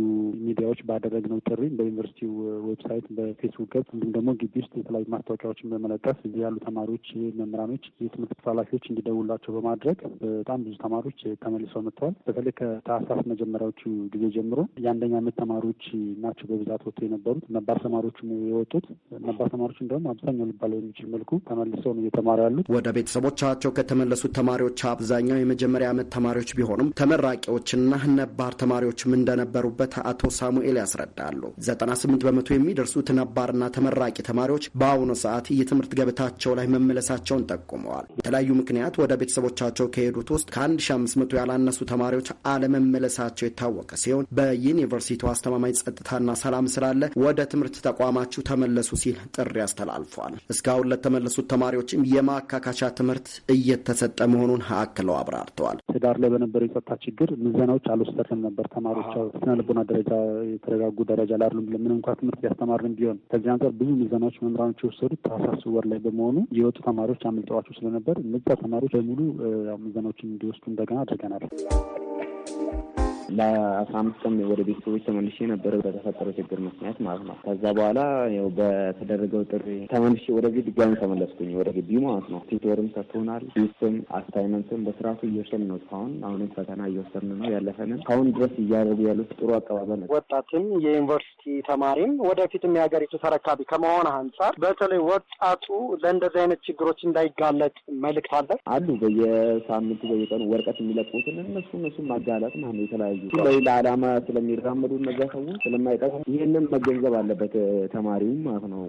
ሚዲያዎች ባደረግነው ጥሪም በዩኒቨርሲቲው ዌብሳይት፣ በፌስቡክ ገጽ እንዲሁም ደግሞ ግቢ ውስጥ የተለያዩ ማስታወቂያዎችን በመለጠፍ እዚህ ያሉ ተማሪዎች፣ መምህራኖች፣ የትምህርት ክፍል ኃላፊዎች እንዲደውላቸው በማድረግ በጣም ብዙ ተማሪዎች ተመልሰው መጥተዋል። በተለይ ከታህሳስ መጀመሪያዎቹ ጊዜ ጀምሮ የአንደኛ ዓመት ተማሪዎች ናቸው በብዛት ወጥቶ የነበሩት። ነባር ተማሪዎችም የወጡት ነባር ተማሪዎች እንዲሁም አብዛኛው ሊባል የሚችል መልኩ ተመልሰው ነው እየተማሩ ያሉት። ወደ ቤተሰቦቻቸው ከተመለሱት ተማሪዎች አብዛኛው የመጀመሪያ ዓመት ተማሪዎች ቢሆኑም ተመራቂዎችና ነባር ተማሪዎችም እንደነበሩበት አቶ ሳሙኤል ያስረዳሉ። 98 በመቶ የሚደርሱት ነባርና ተመራቂ ተማሪዎች በአሁኑ ሰዓት የትምህርት ገበታቸው ላይ መመለሳቸውን ጠቁመዋል። የተለያዩ ምክንያት ወደ ቤተሰቦቻቸው ከሄዱት ውስጥ ከ1500 ያላነሱ ተማሪዎች አለመመለሳቸው የታወቀ ሲሆን በዩኒቨርሲቲው አስተማማኝ ጸጥታና ሰላም ስላለ ወደ ትምህርት ተቋማችሁ ተመለሱ ሲል ጥሪ አስተላልፏል። እስካሁን ለተመለሱት ተማሪዎችም የማካካሻ ትምህርት እየተሰጠ መሆኑን አክለው አብራርተዋል። ህዳር ላይ በነበረው የጸጥታ ችግር ምዘናዎች አልወሰድንም ነበር። ተማሪዎች ስነልቦና ደረጃ በተረጋጉ ደረጃ ላይ አይደሉም። ለምን እንኳ ትምህርት ሊያስተማርን ቢሆን ከዚህ አንጻር ብዙ ምዘናዎች መምህራኖች የወሰዱት ታህሳስ ወር ላይ በመሆኑ የወጡ ተማሪዎች አመልጠዋቸው ስለነበር እነዛ ተማሪዎች በሙሉ ምዘናዎችን እንዲወስዱ እንደገና አድርገናል። ለአስራ አምስት ቀን ወደ ቤተሰቦች ተመልሼ ነበረ በተፈጠረው ችግር ምክንያት ማለት ነው። ከዛ በኋላ ያው በተደረገው ጥሪ ተመልሼ ወደዚህ ድጋሚ ተመለስኩኝ ወደ ግቢ ማለት ነው። ቲቶርም ሰጥቶናል። ስም አስታይመንትም በስርዓቱ እየወሰን ነው። እስካሁን አሁንም ፈተና እየወሰን ነው። ያለፈንን ካሁን ድረስ እያደረጉ ያሉት ጥሩ አቀባበል ነው። ወጣትም የዩኒቨርሲቲ ተማሪም ወደፊትም የሀገሪቱ ተረካቢ ከመሆን አንጻር በተለይ ወጣቱ ለእንደዚህ አይነት ችግሮች እንዳይጋለጥ መልእክት አለ አሉ በየሳምንቱ በየቀኑ ወረቀት የሚለቁትን እነሱ እነሱ ማጋለጥ ማለት ነው የተለያዩ ለሌላ ዓላማ ስለሚራመዱ እነዚያ ሰዎች ስለማይጠፉ ይህንን መገንዘብ አለበት ተማሪውም ማለት ነው።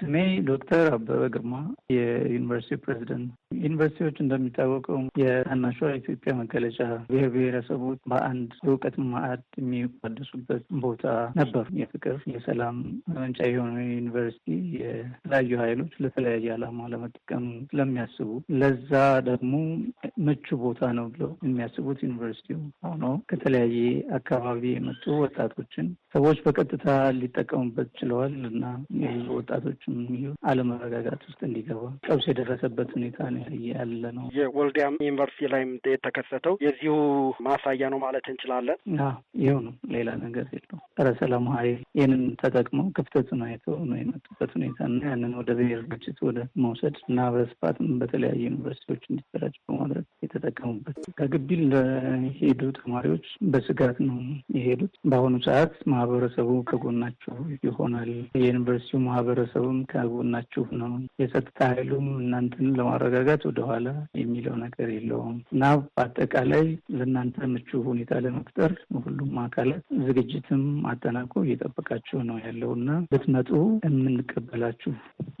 ስሜ ዶክተር አበበ ግርማ የዩኒቨርሲቲ ፕሬዚደንት ዩኒቨርሲቲዎች እንደሚታወቀው የታናሿ ኢትዮጵያ መገለጫ ብሔር ብሔረሰቦች በአንድ የእውቀት ማዕድ የሚቋደሱበት ቦታ ነበር። የፍቅር የሰላም መመንጫ የሆነ ዩኒቨርሲቲ የተለያዩ ኃይሎች ለተለያየ ዓላማ ለመጠቀም ስለሚያስቡ ለዛ ደግሞ ምቹ ቦታ ነው ብለው የሚያስቡት ዩኒቨርሲቲው ሆኖ ከተለያየ አካባቢ የመጡ ወጣቶችን ሰዎች በቀጥታ ሊጠቀሙበት ችለዋል እና የብዙ ወጣቶችም አለመረጋጋት ውስጥ እንዲገባ ቀውስ የደረሰበት ሁኔታ ነው ያለ ነው። የወልዲያም ዩኒቨርሲቲ ላይም የተከሰተው የዚሁ ማሳያ ነው ማለት እንችላለን። ይሁ ነው፣ ሌላ ነገር የለው። ጸረ ሰላም ኃይል ይህንን ተጠቅመው ክፍተቱን አይተው ነው የመጡበት ሁኔታ እና ያንን ወደ ብሔር ግጭት ወደ መውሰድ እና በስፋትም በተለያዩ ዩኒቨርሲቲዎች እንዲሰራጭ በማድረግ የተጠቀሙበት ከግቢ ለሄዱ ተማሪዎች በስጋት ነው የሄዱት። በአሁኑ ሰዓት ማህበረሰቡ ከጎናችሁ ይሆናል፣ የዩኒቨርሲቲው ማህበረሰቡም ከጎናችሁ ነው፣ የጸጥታ ኃይሉም እናንተን ለማረጋጋት ጥረት ወደኋላ የሚለው ነገር የለውም እና በአጠቃላይ ለእናንተ ምቹ ሁኔታ ለመፍጠር ሁሉም አካላት ዝግጅትም አጠናቆ እየጠበቃችሁ ነው ያለው እና ብትመጡ የምንቀበላችሁ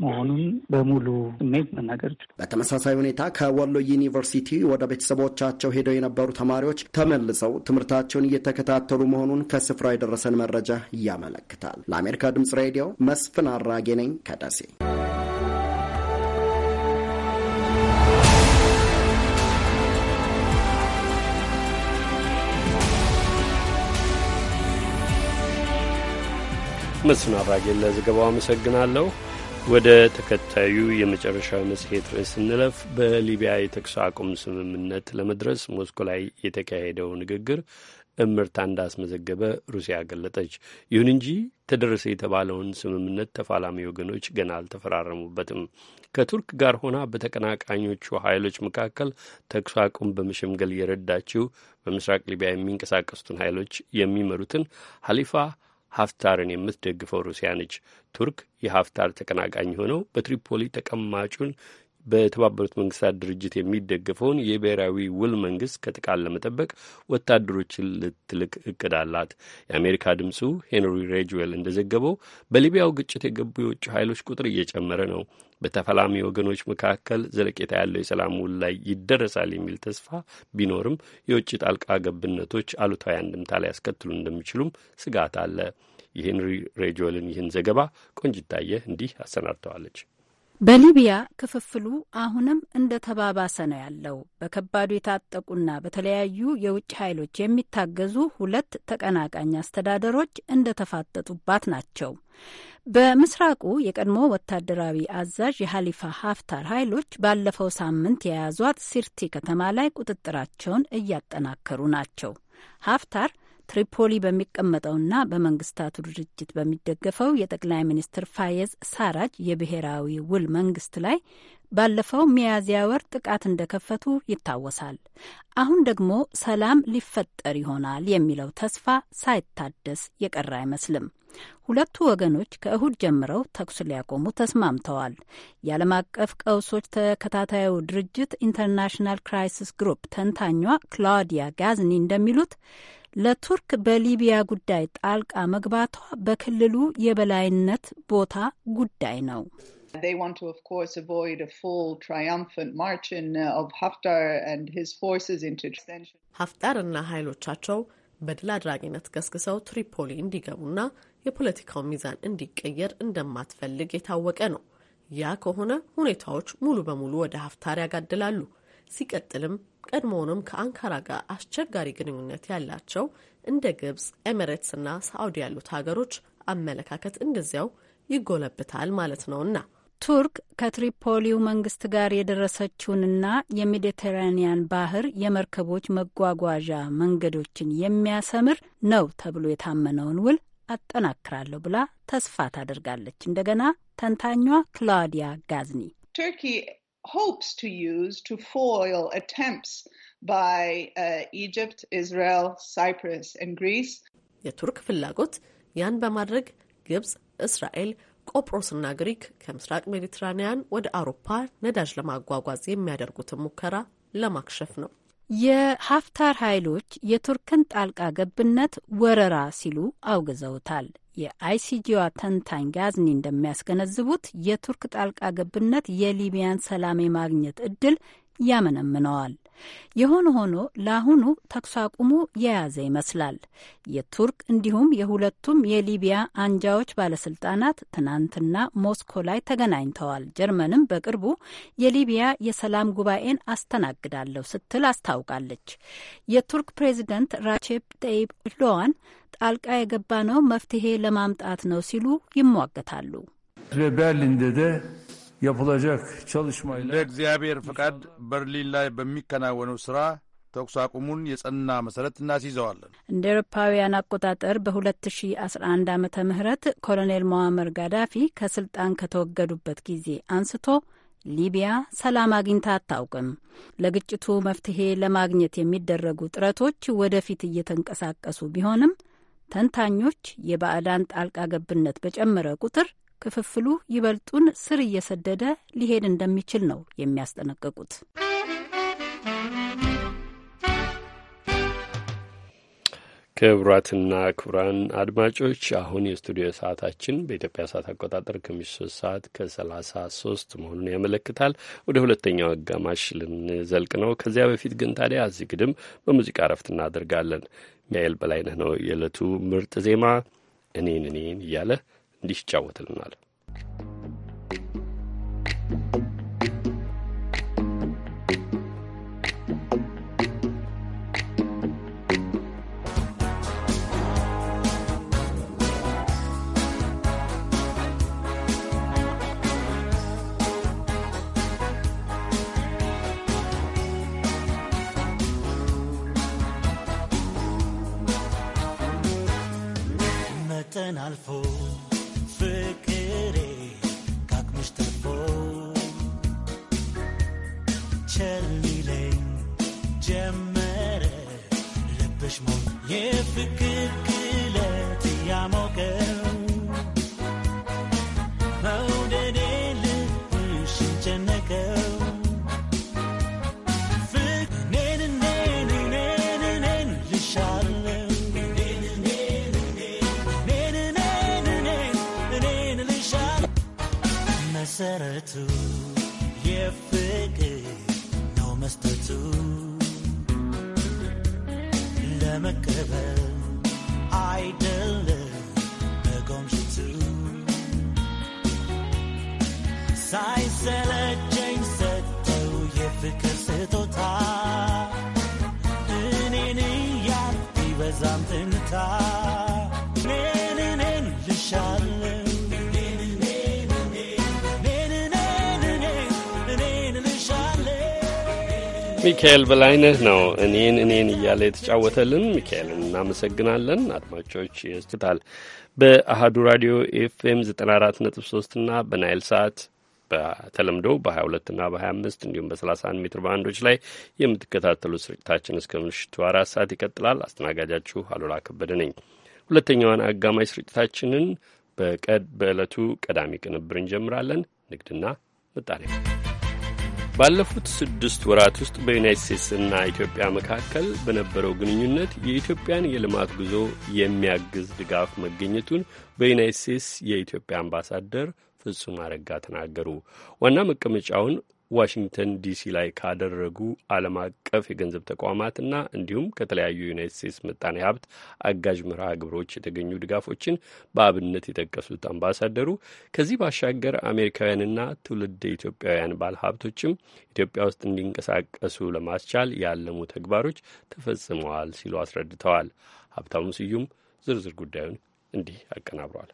መሆኑን በሙሉ ስሜት መናገር ችሉ። በተመሳሳይ ሁኔታ ከወሎ ዩኒቨርሲቲ ወደ ቤተሰቦቻቸው ሄደው የነበሩ ተማሪዎች ተመልሰው ትምህርታቸውን እየተከታተሉ መሆኑን ከስፍራ የደረሰን መረጃ ያመለክታል። ለአሜሪካ ድምጽ ሬዲዮ መስፍን አራጌ ነኝ ከደሴ። መስፍን አራጌ ለዘገባው አመሰግናለሁ። ወደ ተከታዩ የመጨረሻዊ መጽሔት ርዕስ ስንለፍ በሊቢያ የተኩስ አቁም ስምምነት ለመድረስ ሞስኮ ላይ የተካሄደው ንግግር እምርታ እንዳስመዘገበ ሩሲያ ገለጠች። ይሁን እንጂ ተደረሰ የተባለውን ስምምነት ተፋላሚ ወገኖች ገና አልተፈራረሙበትም። ከቱርክ ጋር ሆና በተቀናቃኞቹ ኃይሎች መካከል ተኩስ አቁም በመሸምገል የረዳችው በምስራቅ ሊቢያ የሚንቀሳቀሱትን ኃይሎች የሚመሩትን ሀሊፋ ሀፍታርን የምትደግፈው ሩሲያ ነች። ቱርክ የሀፍታር ተቀናቃኝ ሆነው በትሪፖሊ ተቀማጩን በተባበሩት መንግስታት ድርጅት የሚደገፈውን የብሔራዊ ውል መንግስት ከጥቃት ለመጠበቅ ወታደሮችን ልትልክ እቅድ አላት። የአሜሪካ ድምፁ ሄንሪ ሬጅዌል እንደዘገበው በሊቢያው ግጭት የገቡ የውጭ ኃይሎች ቁጥር እየጨመረ ነው። በተፈላሚ ወገኖች መካከል ዘለቄታ ያለው የሰላም ውል ላይ ይደረሳል የሚል ተስፋ ቢኖርም የውጭ ጣልቃ ገብነቶች አሉታዊ አንድምታ ላይ ያስከትሉ እንደሚችሉም ስጋት አለ። የሄንሪ ሬጆልን ይህን ዘገባ ቆንጅታየ እንዲህ አሰናድተዋለች። በሊቢያ ክፍፍሉ አሁንም እንደተባባሰ ነው ያለው። በከባዱ የታጠቁና በተለያዩ የውጭ ኃይሎች የሚታገዙ ሁለት ተቀናቃኝ አስተዳደሮች እንደተፋጠጡባት ናቸው። በምስራቁ የቀድሞ ወታደራዊ አዛዥ የሀሊፋ ሀፍታር ኃይሎች ባለፈው ሳምንት የያዟት ሲርቲ ከተማ ላይ ቁጥጥራቸውን እያጠናከሩ ናቸው። ሀፍታር ትሪፖሊ በሚቀመጠውና በመንግስታቱ ድርጅት በሚደገፈው የጠቅላይ ሚኒስትር ፋየዝ ሳራጅ የብሔራዊ ውል መንግስት ላይ ባለፈው ሚያዝያ ወር ጥቃት እንደከፈቱ ይታወሳል። አሁን ደግሞ ሰላም ሊፈጠር ይሆናል የሚለው ተስፋ ሳይታደስ የቀረ አይመስልም። ሁለቱ ወገኖች ከእሁድ ጀምረው ተኩስ ሊያቆሙ ተስማምተዋል። የዓለም አቀፍ ቀውሶች ተከታታዩ ድርጅት ኢንተርናሽናል ክራይሲስ ግሩፕ ተንታኟ ክላውዲያ ጋዝኒ እንደሚሉት ለቱርክ በሊቢያ ጉዳይ ጣልቃ መግባቷ በክልሉ የበላይነት ቦታ ጉዳይ ነው። ሀፍጣርና uh, ኃይሎቻቸው በድል አድራጊነት ገስግሰው ትሪፖሊ እንዲገቡና የፖለቲካው ሚዛን እንዲቀየር እንደማትፈልግ የታወቀ ነው። ያ ከሆነ ሁኔታዎች ሙሉ በሙሉ ወደ ሀፍታር ያጋድላሉ። ሲቀጥልም ቀድሞውንም ከአንካራ ጋር አስቸጋሪ ግንኙነት ያላቸው እንደ ግብጽ፣ እና ሳዑዲ ያሉት ሀገሮች አመለካከት እንደዚያው ይጎለብታል ማለት ነውና ቱርክ ከትሪፖሊው መንግስት ጋር የደረሰችውንና የሜዲተራኒያን ባህር የመርከቦች መጓጓዣ መንገዶችን የሚያሰምር ነው ተብሎ የታመነውን ውል አጠናክራለሁ ብላ ተስፋ ታደርጋለች። እንደገና ተንታኟ ክላውዲያ ጋዝኒ hopes to use to foil attempts by uh, Egypt, Israel, Cyprus and Greece. የቱርክ ፍላጎት ያን በማድረግ ግብጽ፣ እስራኤል፣ ቆጵሮስና ግሪክ ከምስራቅ ሜዲትራንያን ወደ አውሮፓ ነዳጅ ለማጓጓዝ የሚያደርጉትን ሙከራ ለማክሸፍ ነው። የሀፍታር ኃይሎች የቱርክን ጣልቃ ገብነት ወረራ ሲሉ አውግዘውታል። የአይሲጂዋ ተንታኝ ጋዝኒ እንደሚያስገነዝቡት የቱርክ ጣልቃ ገብነት የሊቢያን ሰላም የማግኘት እድል ያመነምነዋል። የሆነ ሆኖ ለአሁኑ ተኩስ አቁሙ የያዘ ይመስላል። የቱርክ እንዲሁም የሁለቱም የሊቢያ አንጃዎች ባለስልጣናት ትናንትና ሞስኮ ላይ ተገናኝተዋል። ጀርመንም በቅርቡ የሊቢያ የሰላም ጉባኤን አስተናግዳለሁ ስትል አስታውቃለች። የቱርክ ፕሬዚደንት ራቼፕ ጠይብ ኤርዶዋን ጣልቃ የገባ ነው መፍትሄ ለማምጣት ነው ሲሉ ይሟገታሉ። yapılacak çalışmayla እንደ እግዚአብሔር ፍቃድ በርሊን ላይ በሚከናወነው ስራ ተኩስ አቁሙን የጸና መሰረት እናስይዘዋለን። እንደ ኤሮፓውያን አቆጣጠር በ2011 ዓመተ ምህረት ኮሎኔል መዋመር ጋዳፊ ከስልጣን ከተወገዱበት ጊዜ አንስቶ ሊቢያ ሰላም አግኝታ አታውቅም። ለግጭቱ መፍትሄ ለማግኘት የሚደረጉ ጥረቶች ወደፊት እየተንቀሳቀሱ ቢሆንም ተንታኞች የባዕዳን ጣልቃ ገብነት በጨመረ ቁጥር ክፍፍሉ ይበልጡን ስር እየሰደደ ሊሄድ እንደሚችል ነው የሚያስጠነቅቁት። ክቡራትና ክቡራን አድማጮች አሁን የስቱዲዮ ሰዓታችን በኢትዮጵያ ሰዓት አቆጣጠር ከምሽቱ ሶስት ሰዓት ከሰላሳ ሶስት መሆኑን ያመለክታል። ወደ ሁለተኛው አጋማሽ ልንዘልቅ ነው። ከዚያ በፊት ግን ታዲያ እዚህ ግድም በሙዚቃ ረፍት እናደርጋለን። ሚያኤል በላይነህ ነው የዕለቱ ምርጥ ዜማ እኔን እኔን እያለ እንዲህ ይጫወትልናል። And ፍቅሬ ከአቅምሽ ተርፎ ቸል ጀመረ ልብሽ ሞኝ የፍቅር it tú jefe que no me estás tú Dame que ver Ay, dele going to? tú Sai, se le change Se te huye it's se tota Ni, in ni Ya, vive zantin Ta Ta ሚካኤል በላይነህ ነው እኔን እኔን እያለ የተጫወተልን። ሚካኤልን እናመሰግናለን። አድማጮች ይስክታል በአህዱ ራዲዮ ኤፍኤም 94.3 እና በናይል ሰዓት በተለምዶ በ22 እና በ25 እንዲሁም በ31 ሜትር ባንዶች ላይ የምትከታተሉት ስርጭታችን እስከ ምሽቱ አራት ሰዓት ይቀጥላል። አስተናጋጃችሁ አሉላ ከበደ ነኝ። ሁለተኛዋን አጋማሽ ስርጭታችንን በዕለቱ ቀዳሚ ቅንብር እንጀምራለን። ንግድና ምጣኔ ባለፉት ስድስት ወራት ውስጥ በዩናይት ስቴትስና ኢትዮጵያ መካከል በነበረው ግንኙነት የኢትዮጵያን የልማት ጉዞ የሚያግዝ ድጋፍ መገኘቱን በዩናይት ስቴትስ የኢትዮጵያ አምባሳደር ፍጹም አረጋ ተናገሩ። ዋና መቀመጫውን ዋሽንግተን ዲሲ ላይ ካደረጉ ዓለም አቀፍ የገንዘብ ተቋማትና እንዲሁም ከተለያዩ የዩናይት ስቴትስ ምጣኔ ሀብት አጋዥ መርሃ ግብሮች የተገኙ ድጋፎችን በአብነት የጠቀሱት አምባሳደሩ ከዚህ ባሻገር አሜሪካውያንና ትውልድ ኢትዮጵያውያን ሀብቶችም ኢትዮጵያ ውስጥ እንዲንቀሳቀሱ ለማስቻል ያለሙ ተግባሮች ተፈጽመዋል ሲሉ አስረድተዋል። ሀብታሙ ስዩም ዝርዝር ጉዳዩን እንዲህ አቀናብሯል።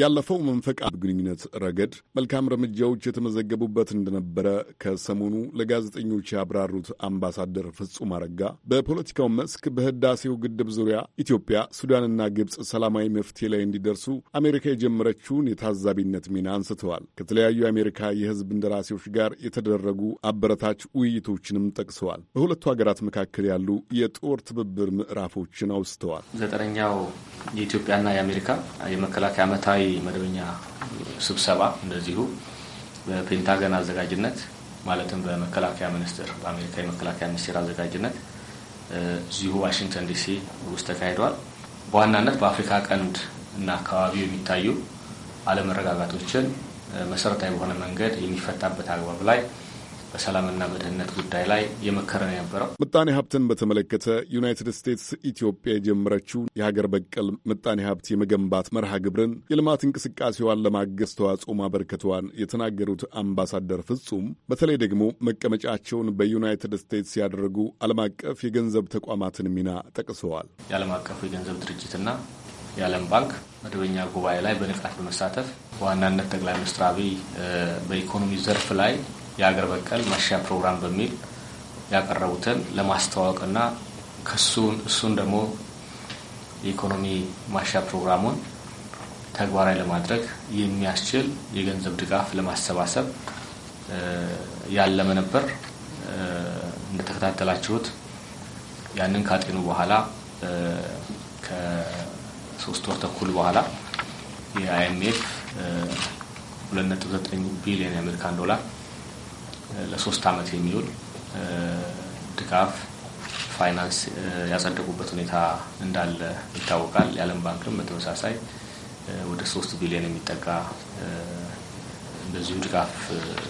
ያለፈው መንፈቃ ግንኙነት ረገድ መልካም እርምጃዎች የተመዘገቡበት እንደነበረ ከሰሞኑ ለጋዜጠኞች ያብራሩት አምባሳደር ፍጹም አረጋ በፖለቲካው መስክ በህዳሴው ግድብ ዙሪያ ኢትዮጵያ፣ ሱዳንና ግብፅ ሰላማዊ መፍትሄ ላይ እንዲደርሱ አሜሪካ የጀመረችውን የታዛቢነት ሚና አንስተዋል። ከተለያዩ የአሜሪካ የህዝብ እንደራሴዎች ጋር የተደረጉ አበረታች ውይይቶችንም ጠቅሰዋል። በሁለቱ ሀገራት መካከል ያሉ የጦር ትብብር ምዕራፎችን አውስተዋል። ዘጠነኛው የኢትዮጵያና የአሜሪካ የመከላከያ ዓመታዊ መደበኛ ስብሰባ እንደዚሁ በፔንታገን አዘጋጅነት ማለትም በመከላከያ ሚኒስትር በአሜሪካ የመከላከያ ሚኒስቴር አዘጋጅነት እዚሁ ዋሽንግተን ዲሲ ውስጥ ተካሂደዋል። በዋናነት በአፍሪካ ቀንድ እና አካባቢው የሚታዩ አለመረጋጋቶችን መሰረታዊ በሆነ መንገድ የሚፈታበት አግባብ ላይ በሰላምና በደህንነት ጉዳይ ላይ የመከረ ነው የነበረው። ምጣኔ ሀብትን በተመለከተ ዩናይትድ ስቴትስ ኢትዮጵያ የጀመረችው የሀገር በቀል ምጣኔ ሀብት የመገንባት መርሃ ግብርን የልማት እንቅስቃሴዋን ለማገዝ ተዋጽኦ ማበርከቷን የተናገሩት አምባሳደር ፍጹም በተለይ ደግሞ መቀመጫቸውን በዩናይትድ ስቴትስ ያደረጉ ዓለም አቀፍ የገንዘብ ተቋማትን ሚና ጠቅሰዋል። የዓለም አቀፉ የገንዘብ ድርጅትና የዓለም ባንክ መደበኛ ጉባኤ ላይ በንቃት በመሳተፍ በዋናነት ጠቅላይ ሚኒስትር አብይ በኢኮኖሚ ዘርፍ ላይ የሀገር በቀል ማሻያ ፕሮግራም በሚል ያቀረቡትን ለማስተዋወቅና ከሱን እሱን ደግሞ የኢኮኖሚ ማሻ ፕሮግራሙን ተግባራዊ ለማድረግ የሚያስችል የገንዘብ ድጋፍ ለማሰባሰብ ያለመ ነበር። እንደተከታተላችሁት ያንን ካጤኑ በኋላ ከሶስት ወር ተኩል በኋላ የአይኤምኤፍ 2.9 ቢሊዮን የአሜሪካን ዶላር ለሶስት ዓመት የሚውል ድጋፍ ፋይናንስ ያጸደቁበት ሁኔታ እንዳለ ይታወቃል። የዓለም ባንክም በተመሳሳይ ወደ ሶስት ቢሊዮን የሚጠጋ እንደዚሁም ድጋፍ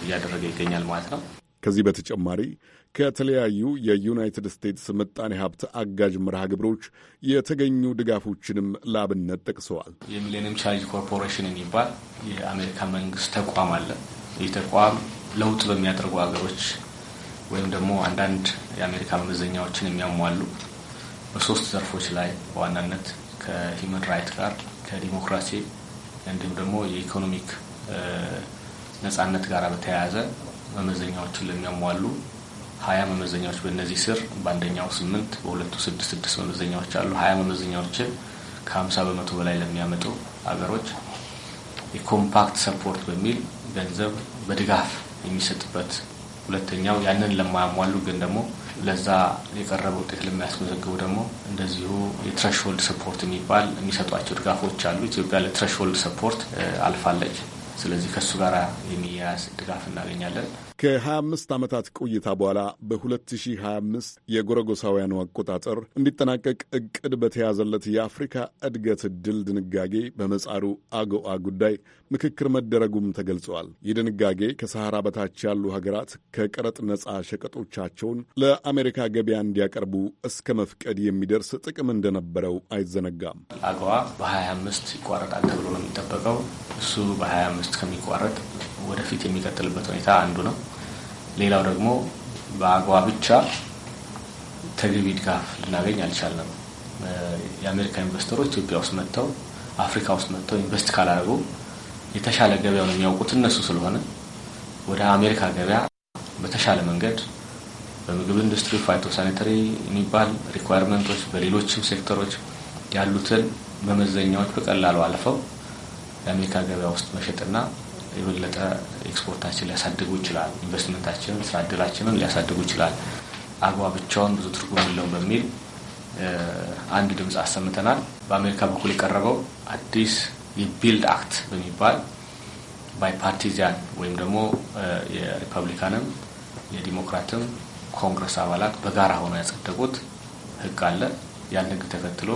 እያደረገ ይገኛል ማለት ነው። ከዚህ በተጨማሪ ከተለያዩ የዩናይትድ ስቴትስ ምጣኔ ሀብት አጋዥ መርሃ ግብሮች የተገኙ ድጋፎችንም ላብነት ጠቅሰዋል። የሚሌኒየም ቻሌንጅ ኮርፖሬሽን የሚባል የአሜሪካ መንግስት ተቋም አለ። ይህ ተቋም ለውጥ በሚያደርጉ ሀገሮች ወይም ደግሞ አንዳንድ የአሜሪካ መመዘኛዎችን የሚያሟሉ በሶስት ዘርፎች ላይ በዋናነት ከሂመን ራይት ጋር ከዲሞክራሲ እንዲሁም ደግሞ የኢኮኖሚክ ነጻነት ጋር በተያያዘ መመዘኛዎችን ለሚያሟሉ ሀያ መመዘኛዎች በእነዚህ ስር በአንደኛው ስምንት በሁለቱ ስድስት ስድስት መመዘኛዎች አሉ። ሀያ መመዘኛዎችን ከሀምሳ በመቶ በላይ ለሚያመጡ ሀገሮች የኮምፓክት ሰፖርት በሚል ገንዘብ በድጋፍ የሚሰጥበት ሁለተኛው ያንን ለማያሟሉ ግን ደግሞ ለዛ የቀረበ ውጤት ለሚያስመዘግቡ ደግሞ እንደዚሁ የትረሽሆልድ ሰፖርት የሚባል የሚሰጧቸው ድጋፎች አሉ። ኢትዮጵያ ለትረሽሆልድ ሰፖርት አልፋለች። ስለዚህ ከእሱ ጋር የሚያያዝ ድጋፍ እናገኛለን። ከ25 ዓመታት ቆይታ በኋላ በ2025 የጎረጎሳውያኑ አቆጣጠር እንዲጠናቀቅ እቅድ በተያዘለት የአፍሪካ እድገት እድል ድንጋጌ በመጻሩ አጎአ ጉዳይ ምክክር መደረጉም ተገልጸዋል። ይህ ድንጋጌ ከሰሐራ በታች ያሉ ሀገራት ከቀረጥ ነፃ ሸቀጦቻቸውን ለአሜሪካ ገበያ እንዲያቀርቡ እስከ መፍቀድ የሚደርስ ጥቅም እንደነበረው አይዘነጋም። አገዋ በ25 ይቋረጣል ተብሎ ነው የሚጠበቀው። እሱ በ25 ከሚቋረጥ ወደፊት የሚቀጥልበት ሁኔታ አንዱ ነው። ሌላው ደግሞ በአግባ ብቻ ተገቢ ድጋፍ ልናገኝ አልቻለም። የአሜሪካ ኢንቨስተሮች ኢትዮጵያ ውስጥ መጥተው አፍሪካ ውስጥ መጥተው ኢንቨስት ካላደረጉ የተሻለ ገበያውን የሚያውቁት እነሱ ስለሆነ ወደ አሜሪካ ገበያ በተሻለ መንገድ በምግብ ኢንዱስትሪ ፋይቶ ሳኒተሪ የሚባል ሪኳርመንቶች በሌሎችም ሴክተሮች ያሉትን መመዘኛዎች በቀላሉ አልፈው የአሜሪካ ገበያ ውስጥ መሸጥና የበለጠ ኤክስፖርታችን ሊያሳድጉ ይችላል። ኢንቨስትመንታችንን፣ ስራ እድላችንን ሊያሳድጉ ይችላል። አግባ ብቻውን ብዙ ትርጉም የለውም በሚል አንድ ድምፅ አሰምተናል። በአሜሪካ በኩል የቀረበው አዲስ የቢልድ አክት በሚባል ባይፓርቲዛን ወይም ደግሞ የሪፐብሊካንም የዲሞክራትም ኮንግረስ አባላት በጋራ ሆነው ያጸደቁት ህግ አለ። ያን ህግ ተከትሎ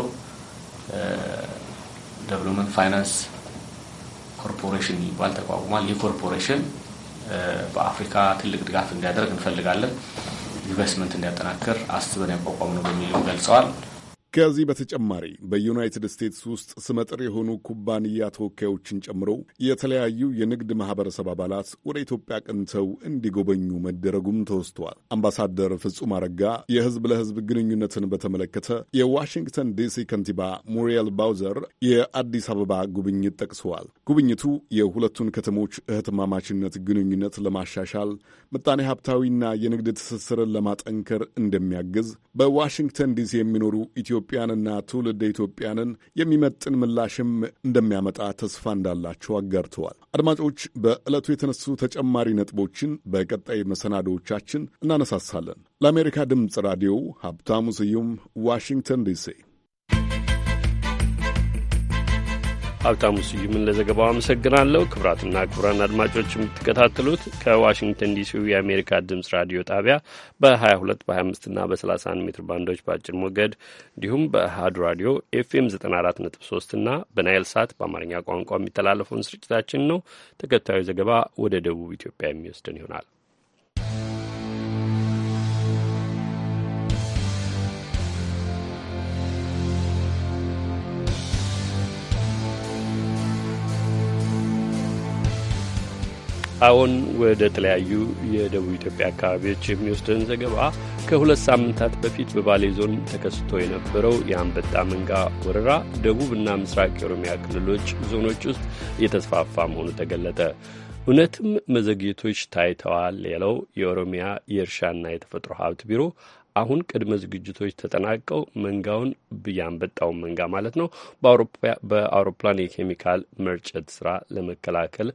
ደቨሎፕመንት ፋይናንስ ኮርፖሬሽን የሚባል ተቋቁሟል። ይህ ኮርፖሬሽን በአፍሪካ ትልቅ ድጋፍ እንዲያደርግ እንፈልጋለን። ኢንቨስትመንት እንዲያጠናክር አስበን ያቋቋም ነው በሚልም ገልጸዋል። ከዚህ በተጨማሪ በዩናይትድ ስቴትስ ውስጥ ስመጥር የሆኑ ኩባንያ ተወካዮችን ጨምሮ የተለያዩ የንግድ ማህበረሰብ አባላት ወደ ኢትዮጵያ ቅንተው እንዲጎበኙ መደረጉም ተወስቷል። አምባሳደር ፍጹም አረጋ የህዝብ ለህዝብ ግንኙነትን በተመለከተ የዋሽንግተን ዲሲ ከንቲባ ሙሪየል ባውዘር የአዲስ አበባ ጉብኝት ጠቅሰዋል። ጉብኝቱ የሁለቱን ከተሞች እህትማማችነት ግንኙነት ለማሻሻል ምጣኔ ሀብታዊና የንግድ ትስስርን ለማጠንከር እንደሚያግዝ በዋሽንግተን ዲሲ የሚኖሩ ኢትዮ ኢትዮጵያንና ትውልድ ኢትዮጵያንን የሚመጥን ምላሽም እንደሚያመጣ ተስፋ እንዳላቸው አጋርተዋል። አድማጮች፣ በዕለቱ የተነሱ ተጨማሪ ነጥቦችን በቀጣይ መሰናዶዎቻችን እናነሳሳለን። ለአሜሪካ ድምፅ ራዲዮ ሀብታሙ ስዩም ዋሽንግተን ዲሲ ሀብታሙ ስዩምን ለዘገባው አመሰግናለሁ። ክቡራትና ክቡራን አድማጮች የምትከታተሉት ከዋሽንግተን ዲሲው የአሜሪካ ድምፅ ራዲዮ ጣቢያ በ22 በ25ና በ31 ሜትር ባንዶች በአጭር ሞገድ እንዲሁም በአሃዱ ራዲዮ ኤፍኤም 94.3 እና በናይል ሳት በአማርኛ ቋንቋ የሚተላለፈውን ስርጭታችን ነው። ተከታዩ ዘገባ ወደ ደቡብ ኢትዮጵያ የሚወስደን ይሆናል። አሁን ወደ ተለያዩ የደቡብ ኢትዮጵያ አካባቢዎች የሚወስደን ዘገባ ከሁለት ሳምንታት በፊት በባሌ ዞን ተከስቶ የነበረው የአንበጣ መንጋ ወረራ ደቡብና ምስራቅ የኦሮሚያ ክልሎች ዞኖች ውስጥ እየተስፋፋ መሆኑ ተገለጠ። እውነትም መዘግየቶች ታይተዋል ያለው የኦሮሚያ የእርሻና የተፈጥሮ ሀብት ቢሮ አሁን ቅድመ ዝግጅቶች ተጠናቀው መንጋውን ብያንበጣውን መንጋ ማለት ነው በአውሮፕላን የኬሚካል መርጨት ስራ ለመከላከል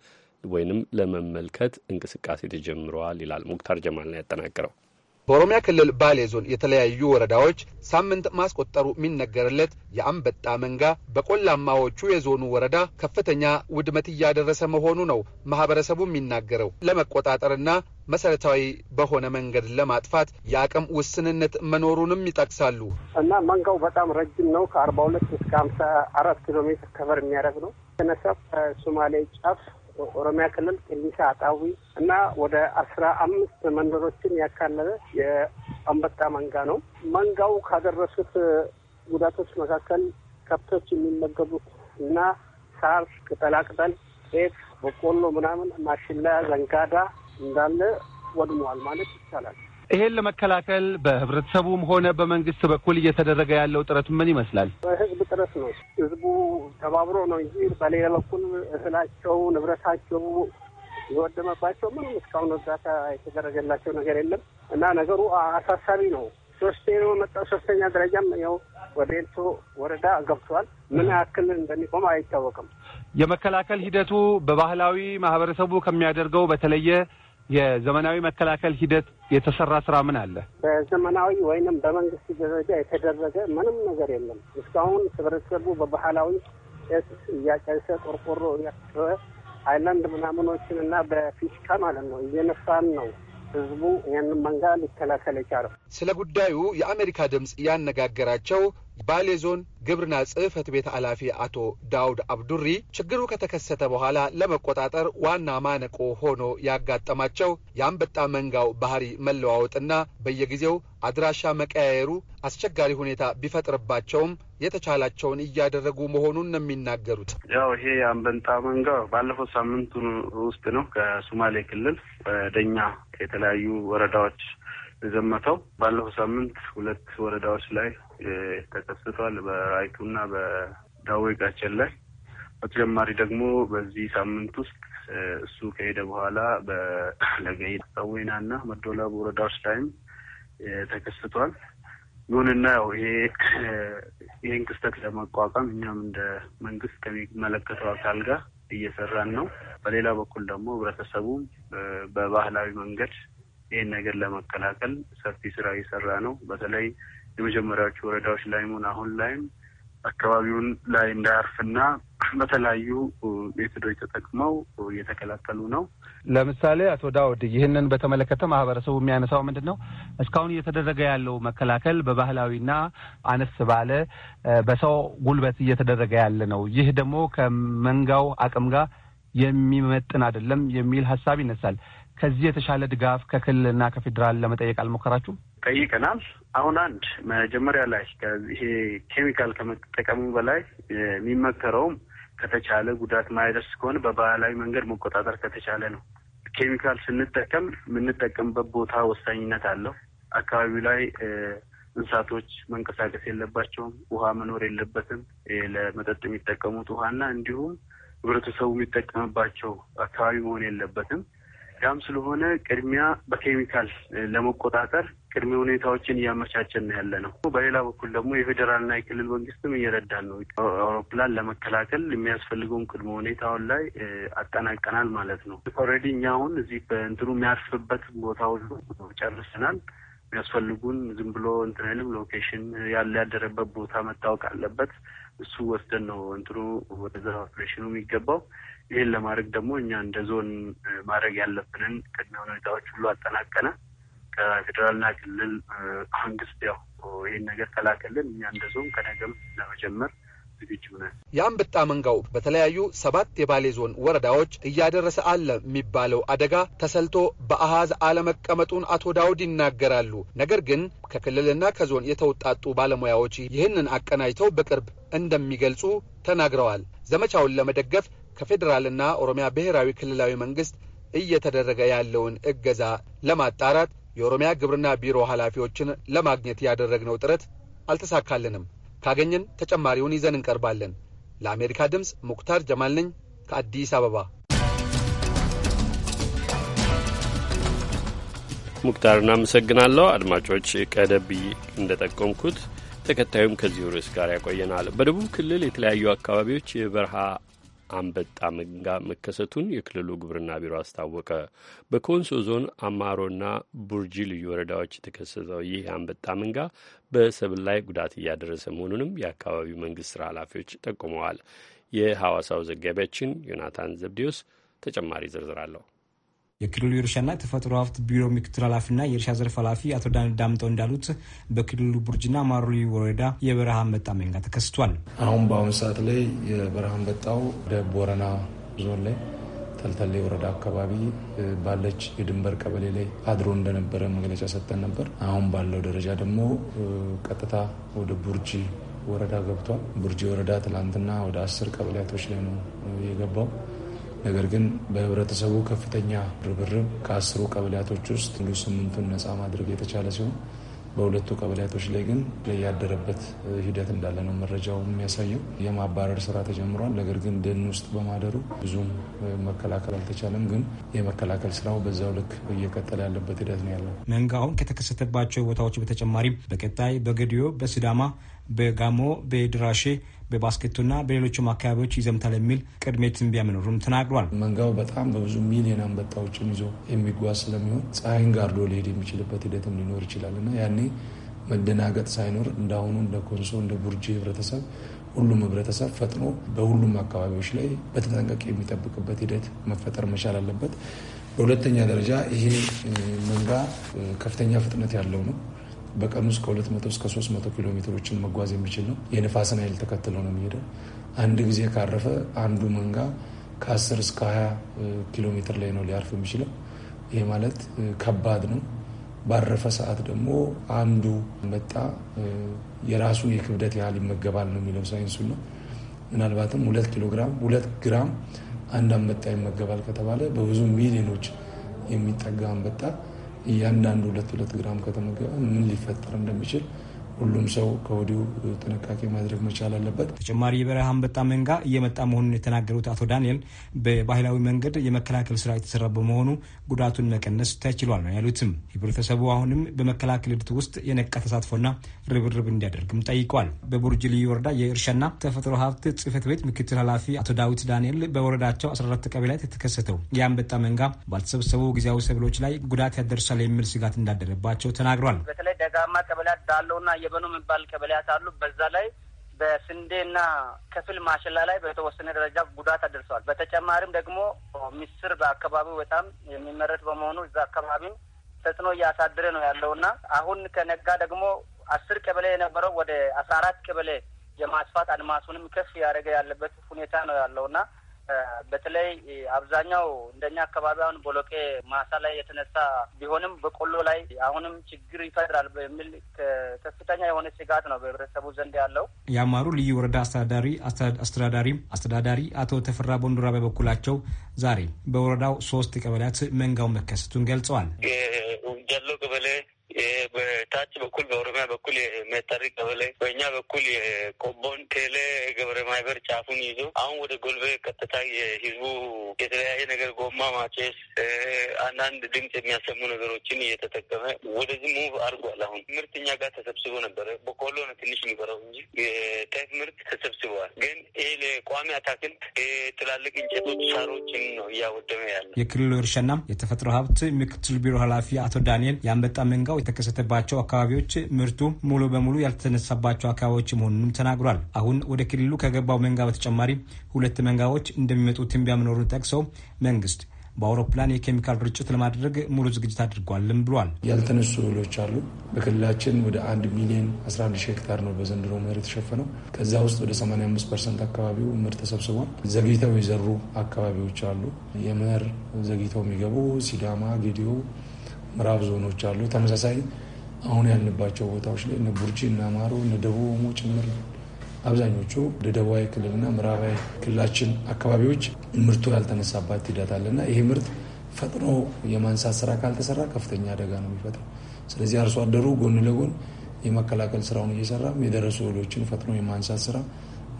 ወይንም ለመመልከት እንቅስቃሴ ተጀምረዋል ይላል ሙክታር ጀማል ነው ያጠናቀረው። በኦሮሚያ ክልል ባሌ ዞን የተለያዩ ወረዳዎች ሳምንት ማስቆጠሩ የሚነገርለት የአንበጣ መንጋ በቆላማዎቹ የዞኑ ወረዳ ከፍተኛ ውድመት እያደረሰ መሆኑ ነው ማህበረሰቡ የሚናገረው። ለመቆጣጠርና መሰረታዊ በሆነ መንገድ ለማጥፋት የአቅም ውስንነት መኖሩንም ይጠቅሳሉ። እና መንጋው በጣም ረጅም ነው። ከአርባ ሁለት እስከ ሀምሳ አራት ኪሎ ሜትር ከበር የሚያደርግ ነው። የተነሳ ከሶማሌ ጫፍ ኦሮሚያ ክልል ቅኒሳ አጣዊ እና ወደ አስራ አምስት መንደሮችን ያካለለ የአንበጣ መንጋ ነው። መንጋው ካደረሱት ጉዳቶች መካከል ከብቶች የሚመገቡት እና ሳር፣ ቅጠላቅጠል፣ ጤፍ፣ በቆሎ ምናምን፣ ማሽላ፣ ዘንጋዳ እንዳለ ወድመዋል ማለት ይቻላል። ይሄን ለመከላከል በህብረተሰቡም ሆነ በመንግስት በኩል እየተደረገ ያለው ጥረት ምን ይመስላል? በህዝብ ጥረት ነው። ህዝቡ ተባብሮ ነው እንጂ በሌላ በኩል እህላቸው፣ ንብረታቸው የወደመባቸው ምንም እስካሁን እርዳታ የተደረገላቸው ነገር የለም እና ነገሩ አሳሳቢ ነው። ሶስተኛ መጣ ሶስተኛ ደረጃም ያው ወደ ኤልቶ ወረዳ ገብቷል። ምን ያክል እንደሚቆም አይታወቅም። የመከላከል ሂደቱ በባህላዊ ማህበረሰቡ ከሚያደርገው በተለየ የዘመናዊ መከላከል ሂደት የተሰራ ስራ ምን አለ? በዘመናዊ ወይንም በመንግስት ደረጃ የተደረገ ምንም ነገር የለም። እስካሁን ህብረተሰቡ በባህላዊ ስ እያጨሰ ቆርቆሮ እያጨሰ አይላንድ ምናምኖችን እና በፊሽካ ማለት ነው እየነፋን ነው ህዝቡ ይህንን መንጋ ሊከላከል የቻለው። ስለ ጉዳዩ የአሜሪካ ድምፅ ያነጋገራቸው ባሌ ዞን ግብርና ጽህፈት ቤት ኃላፊ አቶ ዳውድ አብዱሪ ችግሩ ከተከሰተ በኋላ ለመቆጣጠር ዋና ማነቆ ሆኖ ያጋጠማቸው የአንበጣ መንጋው ባህሪ መለዋወጥና በየጊዜው አድራሻ መቀያየሩ አስቸጋሪ ሁኔታ ቢፈጥርባቸውም የተቻላቸውን እያደረጉ መሆኑን ነው የሚናገሩት። ያው ይሄ አንበጣ መንጋ ባለፈው ሳምንቱ ውስጥ ነው ከሶማሌ ክልል ወደኛ የተለያዩ ወረዳዎች የዘመተው። ባለፈው ሳምንት ሁለት ወረዳዎች ላይ ተከስቷል እና በዳዌ ቃቸል ላይ። በተጨማሪ ደግሞ በዚህ ሳምንት ውስጥ እሱ ከሄደ በኋላ በለገይት ሰዌናና መዶላብ ወረዳዎች ላይም ተከስቷል። ይሁንና ያው ይሄ ይህን ክስተት ለመቋቋም እኛም እንደ መንግስት ከሚመለከተው አካል ጋር እየሰራን ነው። በሌላ በኩል ደግሞ ህብረተሰቡም በባህላዊ መንገድ ይህን ነገር ለመከላከል ሰፊ ስራ እየሰራ ነው። በተለይ የመጀመሪያዎቹ ወረዳዎች ላይም ሆነ አሁን ላይም አካባቢውን ላይ እንዳያርፍና በተለያዩ ሜቶዶች ተጠቅመው እየተከላከሉ ነው። ለምሳሌ አቶ ዳውድ ይህንን በተመለከተ ማህበረሰቡ የሚያነሳው ምንድን ነው? እስካሁን እየተደረገ ያለው መከላከል በባህላዊና አነስ ባለ በሰው ጉልበት እየተደረገ ያለ ነው። ይህ ደግሞ ከመንጋው አቅም ጋር የሚመጥን አይደለም የሚል ሀሳብ ይነሳል። ከዚህ የተሻለ ድጋፍ ከክልልና ከፌዴራል ለመጠየቅ አልሞከራችሁም? ጠይቀናል። አሁን አንድ መጀመሪያ ላይ ይሄ ኬሚካል ከመጠቀሙ በላይ የሚመከረውም ከተቻለ ጉዳት ማይደርስ ከሆነ በባህላዊ መንገድ መቆጣጠር ከተቻለ ነው። ኬሚካል ስንጠቀም የምንጠቀምበት ቦታ ወሳኝነት አለው። አካባቢው ላይ እንስሳቶች መንቀሳቀስ የለባቸውም። ውሃ መኖር የለበትም። ለመጠጥ የሚጠቀሙት ውሃና እንዲሁም ህብረተሰቡ የሚጠቀምባቸው አካባቢ መሆን የለበትም። ያም ስለሆነ ቅድሚያ በኬሚካል ለመቆጣጠር ቅድመ ሁኔታዎችን እያመቻቸን ነው ያለ ነው። በሌላ በኩል ደግሞ የፌዴራልና የክልል መንግስትም እየረዳን ነው። አውሮፕላን ለመከላከል የሚያስፈልገውን ቅድመ ሁኔታውን ላይ አጠናቀናል ማለት ነው። ኦልሬዲ እኛ አሁን እዚህ በእንትኑ የሚያርፍበት ቦታ ሁሉ ጨርሰናል። የሚያስፈልጉን ዝም ብሎ እንትን አይልም። ሎኬሽን ያለ ያደረበት ቦታ መታወቅ አለበት። እሱ ወስደን ነው እንትኑ ወደዛ ኦፕሬሽኑ የሚገባው። ይህን ለማድረግ ደግሞ እኛ እንደ ዞን ማድረግ ያለብንን ቅድመ ሁኔታዎች ሁሉ አጠናቀናል። ከፌዴራልና ክልል መንግስት ያው ይህን ነገር ከላከልን እኛ እንደዞም ከነገም ለመጀመር ዝግጁ ነን። የአንበጣ መንጋው በተለያዩ ሰባት የባሌ ዞን ወረዳዎች እያደረሰ አለ የሚባለው አደጋ ተሰልቶ በአሃዝ አለመቀመጡን አቶ ዳውድ ይናገራሉ። ነገር ግን ከክልልና ከዞን የተውጣጡ ባለሙያዎች ይህንን አቀናጅተው በቅርብ እንደሚገልጹ ተናግረዋል። ዘመቻውን ለመደገፍ ከፌዴራልና ኦሮሚያ ብሔራዊ ክልላዊ መንግስት እየተደረገ ያለውን እገዛ ለማጣራት የኦሮሚያ ግብርና ቢሮ ኃላፊዎችን ለማግኘት ያደረግነው ጥረት አልተሳካልንም። ካገኘን ተጨማሪውን ይዘን እንቀርባለን። ለአሜሪካ ድምፅ ሙክታር ጀማል ነኝ ከአዲስ አበባ። ሙክታር እናመሰግናለሁ። አድማጮች ቀደቢ እንደጠቆምኩት ተከታዩም ከዚሁ ርዕስ ጋር ያቆየናል። በደቡብ ክልል የተለያዩ አካባቢዎች የበረሃ አንበጣ መንጋ መከሰቱን የክልሉ ግብርና ቢሮ አስታወቀ። በኮንሶ ዞን አማሮና ቡርጂ ልዩ ወረዳዎች የተከሰተው ይህ አንበጣ መንጋ በሰብል ላይ ጉዳት እያደረሰ መሆኑንም የአካባቢው መንግስት ስራ ኃላፊዎች ጠቁመዋል። የሐዋሳው ዘጋቢያችን ዮናታን ዘብዴዎስ ተጨማሪ ዝርዝር አለው። የክልሉ የእርሻና ተፈጥሮ ሀብት ቢሮ ምክትል ኃላፊና የእርሻ ዘርፍ ኃላፊ አቶ ዳን ዳምጠው እንዳሉት በክልሉ ቡርጅና ማሮሊ ወረዳ የበረሃ አንበጣ መንጋ ተከስቷል። አሁን በአሁኑ ሰዓት ላይ የበረሃ አንበጣው ወደ ቦረና ዞን ላይ ተልተሌ ወረዳ አካባቢ ባለች የድንበር ቀበሌ ላይ አድሮ እንደነበረ መግለጫ ሰጠን ነበር። አሁን ባለው ደረጃ ደግሞ ቀጥታ ወደ ቡርጂ ወረዳ ገብቷል። ቡርጂ ወረዳ ትላንትና ወደ አስር ቀበሌያቶች ላይ ነው የገባው። ነገር ግን በህብረተሰቡ ከፍተኛ ርብርብ ከአስሩ ቀበሌያቶች ውስጥ ሙሉ ስምንቱን ነፃ ማድረግ የተቻለ ሲሆን በሁለቱ ቀበሌያቶች ላይ ግን ያደረበት ሂደት እንዳለ ነው መረጃው የሚያሳየው። የማባረር ስራ ተጀምሯል። ነገር ግን ደን ውስጥ በማደሩ ብዙም መከላከል አልተቻለም። ግን የመከላከል ስራው በዛው ልክ እየቀጠለ ያለበት ሂደት ነው ያለው። መንጋውን ከተከሰተባቸው ቦታዎች በተጨማሪም በቀጣይ በገዲዮ በስዳማ በጋሞ በድራሼ በባስኬቶና በሌሎችም አካባቢዎች ይዘምታል የሚል ቅድመ ትንቢያ መኖሩም ተናግሯል። መንጋው በጣም በብዙ ሚሊዮን አንበጣዎችን ይዞ የሚጓዝ ስለሚሆን ፀሐይን ጋርዶ ሊሄድ የሚችልበት ሂደትም ሊኖር ይችላል እና ያኔ መደናገጥ ሳይኖር እንዳሁኑ እንደ ኮንሶ እንደ ቡርጂ ህብረተሰብ ሁሉም ህብረተሰብ ፈጥኖ በሁሉም አካባቢዎች ላይ በተጠንቀቅ የሚጠብቅበት ሂደት መፈጠር መቻል አለበት። በሁለተኛ ደረጃ ይሄ መንጋ ከፍተኛ ፍጥነት ያለው ነው። በቀን ውስጥ ከ መቶ እስከ 300 ኪሎ ሜትሮችን መጓዝ የሚችል ነው። የንፋስን ኃይል ተከትለው ነው የሚሄደው። አንድ ጊዜ ካረፈ አንዱ መንጋ ከ10 እስከ 20 ኪሎ ሜትር ላይ ነው ሊያርፍ የሚችለው። ይህ ማለት ከባድ ነው። ባረፈ ሰዓት ደግሞ አንዱ መጣ የራሱን የክብደት ያህል ይመገባል ነው የሚለው ሳይንሱ ነው። ምናልባትም ሁለት ኪሎ ግራም ሁለት ግራም አንድ አንበጣ ይመገባል ከተባለ በብዙ ሚሊዮኖች የሚጠጋ አንበጣ እያንዳንዱ ሁለት ሁለት ግራም ከተመገበ ምን ሊፈጠር እንደሚችል ሁሉም ሰው ከወዲሁ ጥንቃቄ ማድረግ መቻል አለበት። ተጨማሪ የበረሃ አንበጣ መንጋ እየመጣ መሆኑን የተናገሩት አቶ ዳንኤል በባህላዊ መንገድ የመከላከል ስራ የተሰራ በመሆኑ ጉዳቱን መቀነስ ተችሏል ነው ያሉትም። ህብረተሰቡ አሁንም በመከላከል ሂደት ውስጥ የነቃ ተሳትፎና ርብርብ እንዲያደርግም ጠይቋል። በቡርጅ ልዩ ወረዳ የእርሻና ተፈጥሮ ሀብት ጽህፈት ቤት ምክትል ኃላፊ አቶ ዳዊት ዳንኤል በወረዳቸው 14 ቀበሌያት የተከሰተው የአንበጣ መንጋ ባልተሰበሰቡ ጊዜያዊ ሰብሎች ላይ ጉዳት ያደርሳል የሚል ስጋት እንዳደረባቸው ተናግሯል። በተለይ ደጋማ ቀበሌያት ዳሎና ጀበኖ የሚባል ቀበሌያት አሉ። በዛ ላይ በስንዴና ከፊል ማሽላ ላይ በተወሰነ ደረጃ ጉዳት አደርሰዋል። በተጨማሪም ደግሞ ምስር በአካባቢው በጣም የሚመረት በመሆኑ እዛ አካባቢም ተጽዕኖ እያሳደረ ነው ያለውና አሁን ከነጋ ደግሞ አስር ቀበሌ የነበረው ወደ አስራ አራት ቀበሌ የማስፋት አድማሱንም ከፍ ያደረገ ያለበት ሁኔታ ነው ያለውና በተለይ አብዛኛው እንደኛ አካባቢ አሁን ቦሎቄ ማሳ ላይ የተነሳ ቢሆንም በቆሎ ላይ አሁንም ችግር ይፈጥራል በሚል ከፍተኛ የሆነ ስጋት ነው በህብረተሰቡ ዘንድ ያለው። የአማሩ ልዩ ወረዳ አስተዳዳሪ አስተዳዳሪ አስተዳዳሪ አቶ ተፈራ ቦንዱራ በበኩላቸው ዛሬ በወረዳው ሶስት ቀበሌያት መንጋው መከሰቱን ገልጸዋል። ጀሎ ቀበሌ በታች በኩል በኦሮሚያ በኩል የመጠሪ ቀበሌ፣ በእኛ በኩል የቆቦን ቴሌ ገብረ ማይበር ጫፉን ይዞ አሁን ወደ ጎልቤ ቀጥታ የህዝቡ የተለያየ ነገር ጎማ ማጨስ፣ አንዳንድ ድምፅ የሚያሰሙ ነገሮችን እየተጠቀመ ወደዚህ ሙቭ አድርጓል። አሁን ምርት እኛ ጋር ተሰብስቦ ነበረ። በቆሎ ነው ትንሽ የሚበረው እንጂ የጤፍ ምርት ተሰብስበዋል። ግን ይህ ለቋሚ አታክልት ትላልቅ እንጨቶች፣ ሳሮችን ነው እያወደመ ያለ። የክልሉ እርሻና የተፈጥሮ ሀብት ምክትል ቢሮ ኃላፊ አቶ ዳንኤል የአንበጣ መንጋው የተከሰተባቸው አካባቢዎች ምርቱ ሙሉ በሙሉ ያልተነሳባቸው አካባቢዎች መሆኑንም ተናግሯል። አሁን ወደ ክልሉ ከገባው መንጋ በተጨማሪ ሁለት መንጋዎች እንደሚመጡ ትንቢያ መኖሩን ጠቅሰው መንግስት በአውሮፕላን የኬሚካል ርጭት ለማድረግ ሙሉ ዝግጅት አድርጓልም ብሏል። ያልተነሱ እህሎች አሉ። በክልላችን ወደ 1 ሚሊዮን 11 ሺህ ሄክታር ነው በዘንድሮ መኸር የተሸፈነው። ከዛ ውስጥ ወደ 85 ፐርሰንት አካባቢው ምርት ተሰብስቧል። ዘግይተው የዘሩ አካባቢዎች አሉ። የመኸር ዘግይተው የሚገቡ ሲዳማ፣ ጌዲዮ፣ ምዕራብ ዞኖች አሉ። ተመሳሳይ አሁን ያልንባቸው ቦታዎች ላይ እነ ቡርጂ እና ማሮ እነ ደቡብ ኦሞ ጭምር አብዛኞቹ ደቡባዊ ክልልና ምዕራባዊ ክልላችን አካባቢዎች ምርቱ ያልተነሳባት ሂደት አለና ይሄ ምርት ፈጥኖ የማንሳት ስራ ካልተሰራ ከፍተኛ አደጋ ነው የሚፈጥረው። ስለዚህ አርሶ አደሩ ጎን ለጎን የመከላከል ስራውን እየሰራ የደረሱ እህሎችን ፈጥኖ የማንሳት ስራ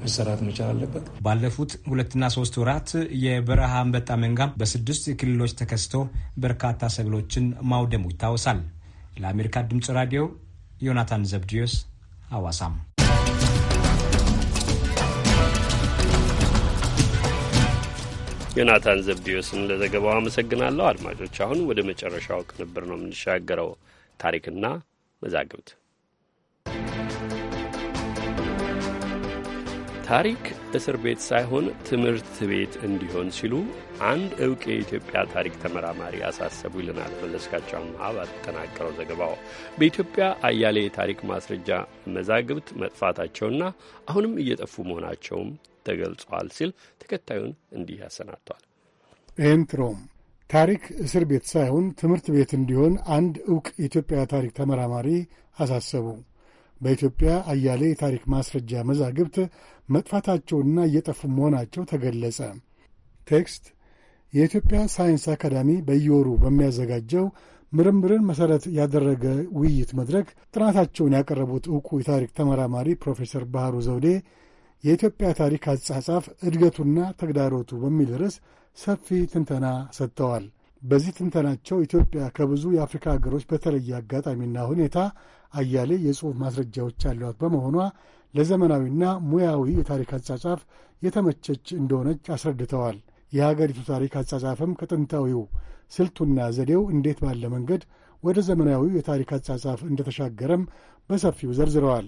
መሰራት መቻል አለበት። ባለፉት ሁለትና ሶስት ወራት የበረሃ አንበጣ መንጋ በስድስት ክልሎች ተከስቶ በርካታ ሰብሎችን ማውደሙ ይታወሳል። ለአሜሪካ ድምፅ ራዲዮ ዮናታን ዘብድዮስ አዋሳም። ዮናታን ዘብድዮስን ለዘገባው አመሰግናለሁ። አድማጮች፣ አሁን ወደ መጨረሻው ቅንብር ነው የምንሻገረው ታሪክና መዛግብት ታሪክ እስር ቤት ሳይሆን ትምህርት ቤት እንዲሆን ሲሉ አንድ እውቅ የኢትዮጵያ ታሪክ ተመራማሪ አሳሰቡ ይለናል መለስካቸው አምሃ ባጠናቀረው ዘገባው። በኢትዮጵያ አያሌ የታሪክ ማስረጃ መዛግብት መጥፋታቸውና አሁንም እየጠፉ መሆናቸውም ተገልጿል ሲል ተከታዩን እንዲህ ያሰናቷል። ኤንትሮም ታሪክ እስር ቤት ሳይሆን ትምህርት ቤት እንዲሆን አንድ እውቅ የኢትዮጵያ ታሪክ ተመራማሪ አሳሰቡ። በኢትዮጵያ አያሌ የታሪክ ማስረጃ መዛግብት መጥፋታቸውና እየጠፉ መሆናቸው ተገለጸ። ቴክስት የኢትዮጵያ ሳይንስ አካዳሚ በየወሩ በሚያዘጋጀው ምርምርን መሠረት ያደረገ ውይይት መድረክ ጥናታቸውን ያቀረቡት ዕውቁ የታሪክ ተመራማሪ ፕሮፌሰር ባህሩ ዘውዴ የኢትዮጵያ ታሪክ አጻጻፍ እድገቱና ተግዳሮቱ በሚል ርዕስ ሰፊ ትንተና ሰጥተዋል። በዚህ ትንተናቸው ኢትዮጵያ ከብዙ የአፍሪካ ሀገሮች በተለየ አጋጣሚና ሁኔታ አያሌ የጽሑፍ ማስረጃዎች ያሏት በመሆኗ ለዘመናዊና ሙያዊ የታሪክ አጻጻፍ የተመቸች እንደሆነች አስረድተዋል። የሀገሪቱ ታሪክ አጻጻፍም ከጥንታዊው ስልቱና ዘዴው እንዴት ባለ መንገድ ወደ ዘመናዊው የታሪክ አጻጻፍ እንደተሻገረም በሰፊው ዘርዝረዋል።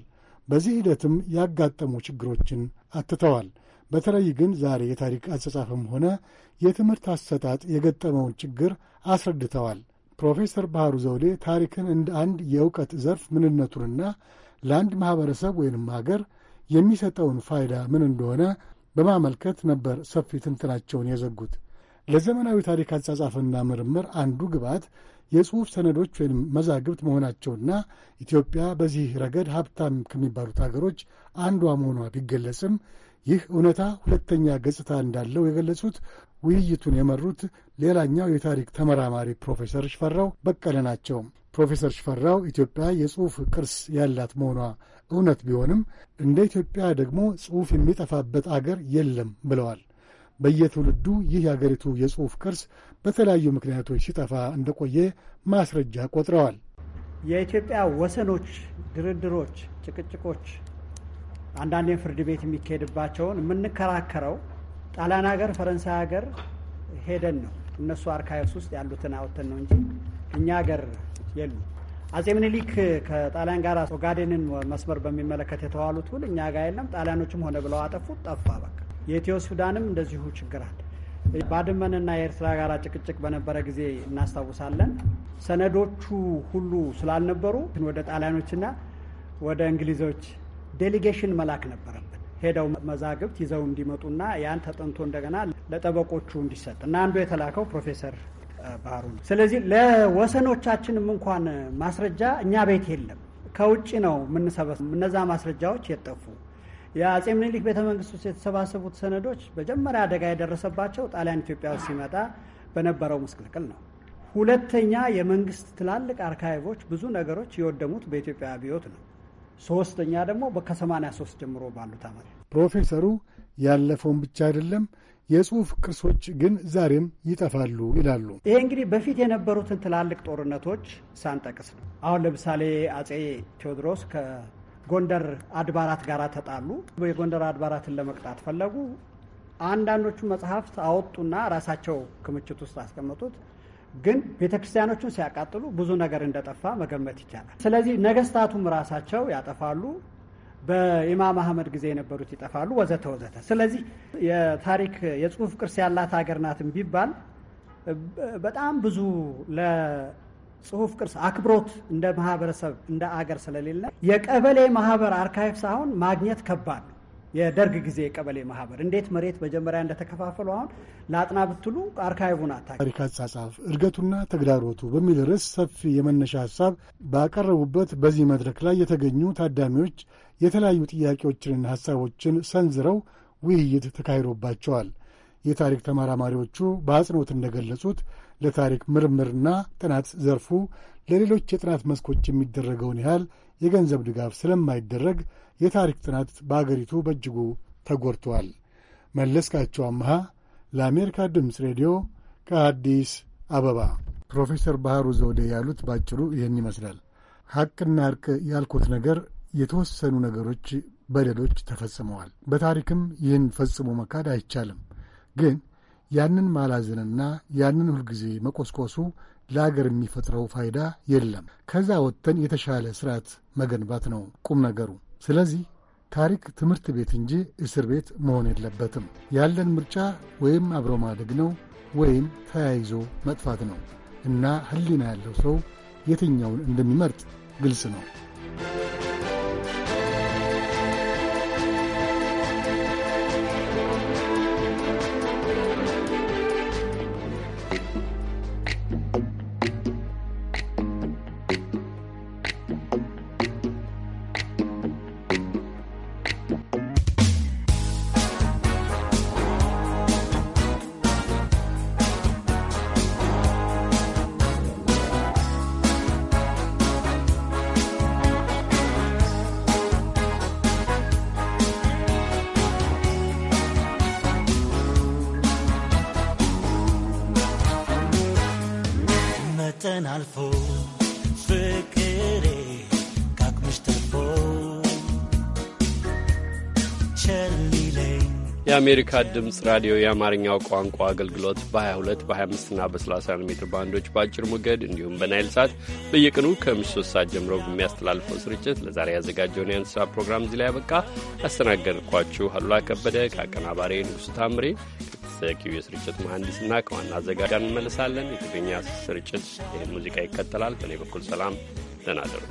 በዚህ ሂደትም ያጋጠሙ ችግሮችን አትተዋል። በተለይ ግን ዛሬ የታሪክ አጻጻፍም ሆነ የትምህርት አሰጣጥ የገጠመውን ችግር አስረድተዋል። ፕሮፌሰር ባህሩ ዘውዴ ታሪክን እንደ አንድ የእውቀት ዘርፍ ምንነቱንና ለአንድ ማኅበረሰብ ወይንም ሀገር የሚሰጠውን ፋይዳ ምን እንደሆነ በማመልከት ነበር ሰፊ ትንትናቸውን የዘጉት። ለዘመናዊ ታሪክ አጻጻፍና ምርምር አንዱ ግብዓት የጽሑፍ ሰነዶች ወይም መዛግብት መሆናቸውና ኢትዮጵያ በዚህ ረገድ ሀብታም ከሚባሉት አገሮች አንዷ መሆኗ ቢገለጽም ይህ እውነታ ሁለተኛ ገጽታ እንዳለው የገለጹት ውይይቱን የመሩት ሌላኛው የታሪክ ተመራማሪ ፕሮፌሰር ሽፈራው በቀለ ናቸው። ፕሮፌሰር ሽፈራው ኢትዮጵያ የጽሑፍ ቅርስ ያላት መሆኗ እውነት ቢሆንም እንደ ኢትዮጵያ ደግሞ ጽሑፍ የሚጠፋበት አገር የለም ብለዋል። በየትውልዱ ይህ የአገሪቱ የጽሑፍ ቅርስ በተለያዩ ምክንያቶች ሲጠፋ እንደቆየ ማስረጃ ቆጥረዋል። የኢትዮጵያ ወሰኖች፣ ድርድሮች፣ ጭቅጭቆች አንዳንዴም ፍርድ ቤት የሚካሄድባቸውን የምንከራከረው ጣሊያን ሀገር፣ ፈረንሳይ ሀገር ሄደን ነው እነሱ አርካይቭስ ውስጥ ያሉትን አውጥተን ነው እንጂ እኛ ሀገር የሉ። አጼ ምኒልክ ከጣሊያን ጋር ኦጋዴንን መስመር በሚመለከት የተዋሉት ውል እኛ ጋር የለም። ጣሊያኖችም ሆነ ብለው አጠፉት፣ ጠፋ በቃ። የኢትዮ ሱዳንም እንደዚሁ ችግር አለ። ባድመንና የኤርትራ ጋር ጭቅጭቅ በነበረ ጊዜ እናስታውሳለን። ሰነዶቹ ሁሉ ስላልነበሩ ወደ ጣሊያኖችና ወደ እንግሊዞች ዴሊጌሽን መላክ ነበረበት። ሄደው መዛግብት ይዘው እንዲመጡና ያን ተጠንቶ እንደገና ለጠበቆቹ እንዲሰጥ እና አንዱ የተላከው ፕሮፌሰር ባህሩ ነው። ስለዚህ ለወሰኖቻችንም እንኳን ማስረጃ እኛ ቤት የለም፣ ከውጭ ነው የምንሰበስብ። እነዛ ማስረጃዎች የጠፉ የአጼ ምኒልክ ቤተ መንግስት ውስጥ የተሰባሰቡት ሰነዶች መጀመሪያ አደጋ የደረሰባቸው ጣሊያን ኢትዮጵያ ውስጥ ሲመጣ በነበረው ምስቅልቅል ነው። ሁለተኛ የመንግስት ትላልቅ አርካይቮች ብዙ ነገሮች የወደሙት በኢትዮጵያ አብዮት ነው። ሶስተኛ ደግሞ ከ83 ጀምሮ ባሉት ዓመት ፕሮፌሰሩ ያለፈውን ብቻ አይደለም የጽሁፍ ቅርሶች ግን ዛሬም ይጠፋሉ ይላሉ። ይሄ እንግዲህ በፊት የነበሩትን ትላልቅ ጦርነቶች ሳንጠቅስ ነው። አሁን ለምሳሌ አጼ ቴዎድሮስ ከጎንደር አድባራት ጋር ተጣሉ። የጎንደር አድባራትን ለመቅጣት ፈለጉ። አንዳንዶቹ መጽሐፍት አወጡና ራሳቸው ክምችት ውስጥ አስቀመጡት። ግን ቤተክርስቲያኖቹን ሲያቃጥሉ ብዙ ነገር እንደጠፋ መገመት ይቻላል። ስለዚህ ነገስታቱም ራሳቸው ያጠፋሉ፣ በኢማም አህመድ ጊዜ የነበሩት ይጠፋሉ፣ ወዘተ ወዘተ። ስለዚህ የታሪክ የጽሁፍ ቅርስ ያላት ሀገር ናትም ቢባል በጣም ብዙ ለጽሁፍ ቅርስ አክብሮት እንደ ማህበረሰብ እንደ አገር ስለሌለ የቀበሌ ማህበር አርካይቭ ሳይሆን ማግኘት ከባድ የደርግ ጊዜ የቀበሌ ማህበር እንዴት መሬት መጀመሪያ እንደተከፋፈሉ አሁን ለአጥና ብትሉ አርካይቡን አታ ታሪክ አጻጻፍ እድገቱና ተግዳሮቱ በሚል ርዕስ ሰፊ የመነሻ ሀሳብ ባቀረቡበት በዚህ መድረክ ላይ የተገኙ ታዳሚዎች የተለያዩ ጥያቄዎችንና ሀሳቦችን ሰንዝረው ውይይት ተካሂዶባቸዋል። የታሪክ ተመራማሪዎቹ በአጽንኦት እንደገለጹት ለታሪክ ምርምርና ጥናት ዘርፉ ለሌሎች የጥናት መስኮች የሚደረገውን ያህል የገንዘብ ድጋፍ ስለማይደረግ የታሪክ ጥናት በአገሪቱ በእጅጉ ተጎድተዋል። መለስካቸው አምሃ ለአሜሪካ ድምፅ ሬዲዮ ከአዲስ አበባ። ፕሮፌሰር ባህሩ ዘውዴ ያሉት ባጭሩ ይህን ይመስላል። ሐቅና እርቅ ያልኩት ነገር የተወሰኑ ነገሮች፣ በደሎች ተፈጽመዋል። በታሪክም ይህን ፈጽሞ መካድ አይቻልም። ግን ያንን ማላዘንና ያንን ሁልጊዜ መቆስቆሱ ለአገር የሚፈጥረው ፋይዳ የለም። ከዛ ወጥተን የተሻለ ስርዓት መገንባት ነው ቁም ነገሩ። ስለዚህ ታሪክ ትምህርት ቤት እንጂ እስር ቤት መሆን የለበትም። ያለን ምርጫ ወይም አብሮ ማደግ ነው ወይም ተያይዞ መጥፋት ነው እና ሕሊና ያለው ሰው የትኛውን እንደሚመርጥ ግልጽ ነው። የአሜሪካ ድምፅ ራዲዮ የአማርኛው ቋንቋ አገልግሎት በ22 25 እና በ31 ሜትር ባንዶች በአጭር ሞገድ እንዲሁም በናይል ሳት በየቀኑ ከምሽቱ 3 ሰዓት ጀምሮ በሚያስተላልፈው ስርጭት ለዛሬ ያዘጋጀውን የእንስሳ ፕሮግራም እዚህ ላይ ያበቃ። ያስተናገድኳችሁ አሉላ ከበደ ከአቀናባሪ ንጉሱ ታምሬ ከኪው የስርጭት መሐንዲስና ከዋና አዘጋጅ እንመልሳለን። የትግርኛ ስርጭት ይህ ሙዚቃ ይከተላል። በእኔ በኩል ሰላም፣ ደህና እደሩ።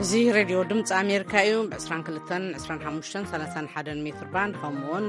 እዚ ሬድዮ ድምፂ ኣሜሪካ እዩ ብ22 25 31 ሜትር ባንድ ከምኡውን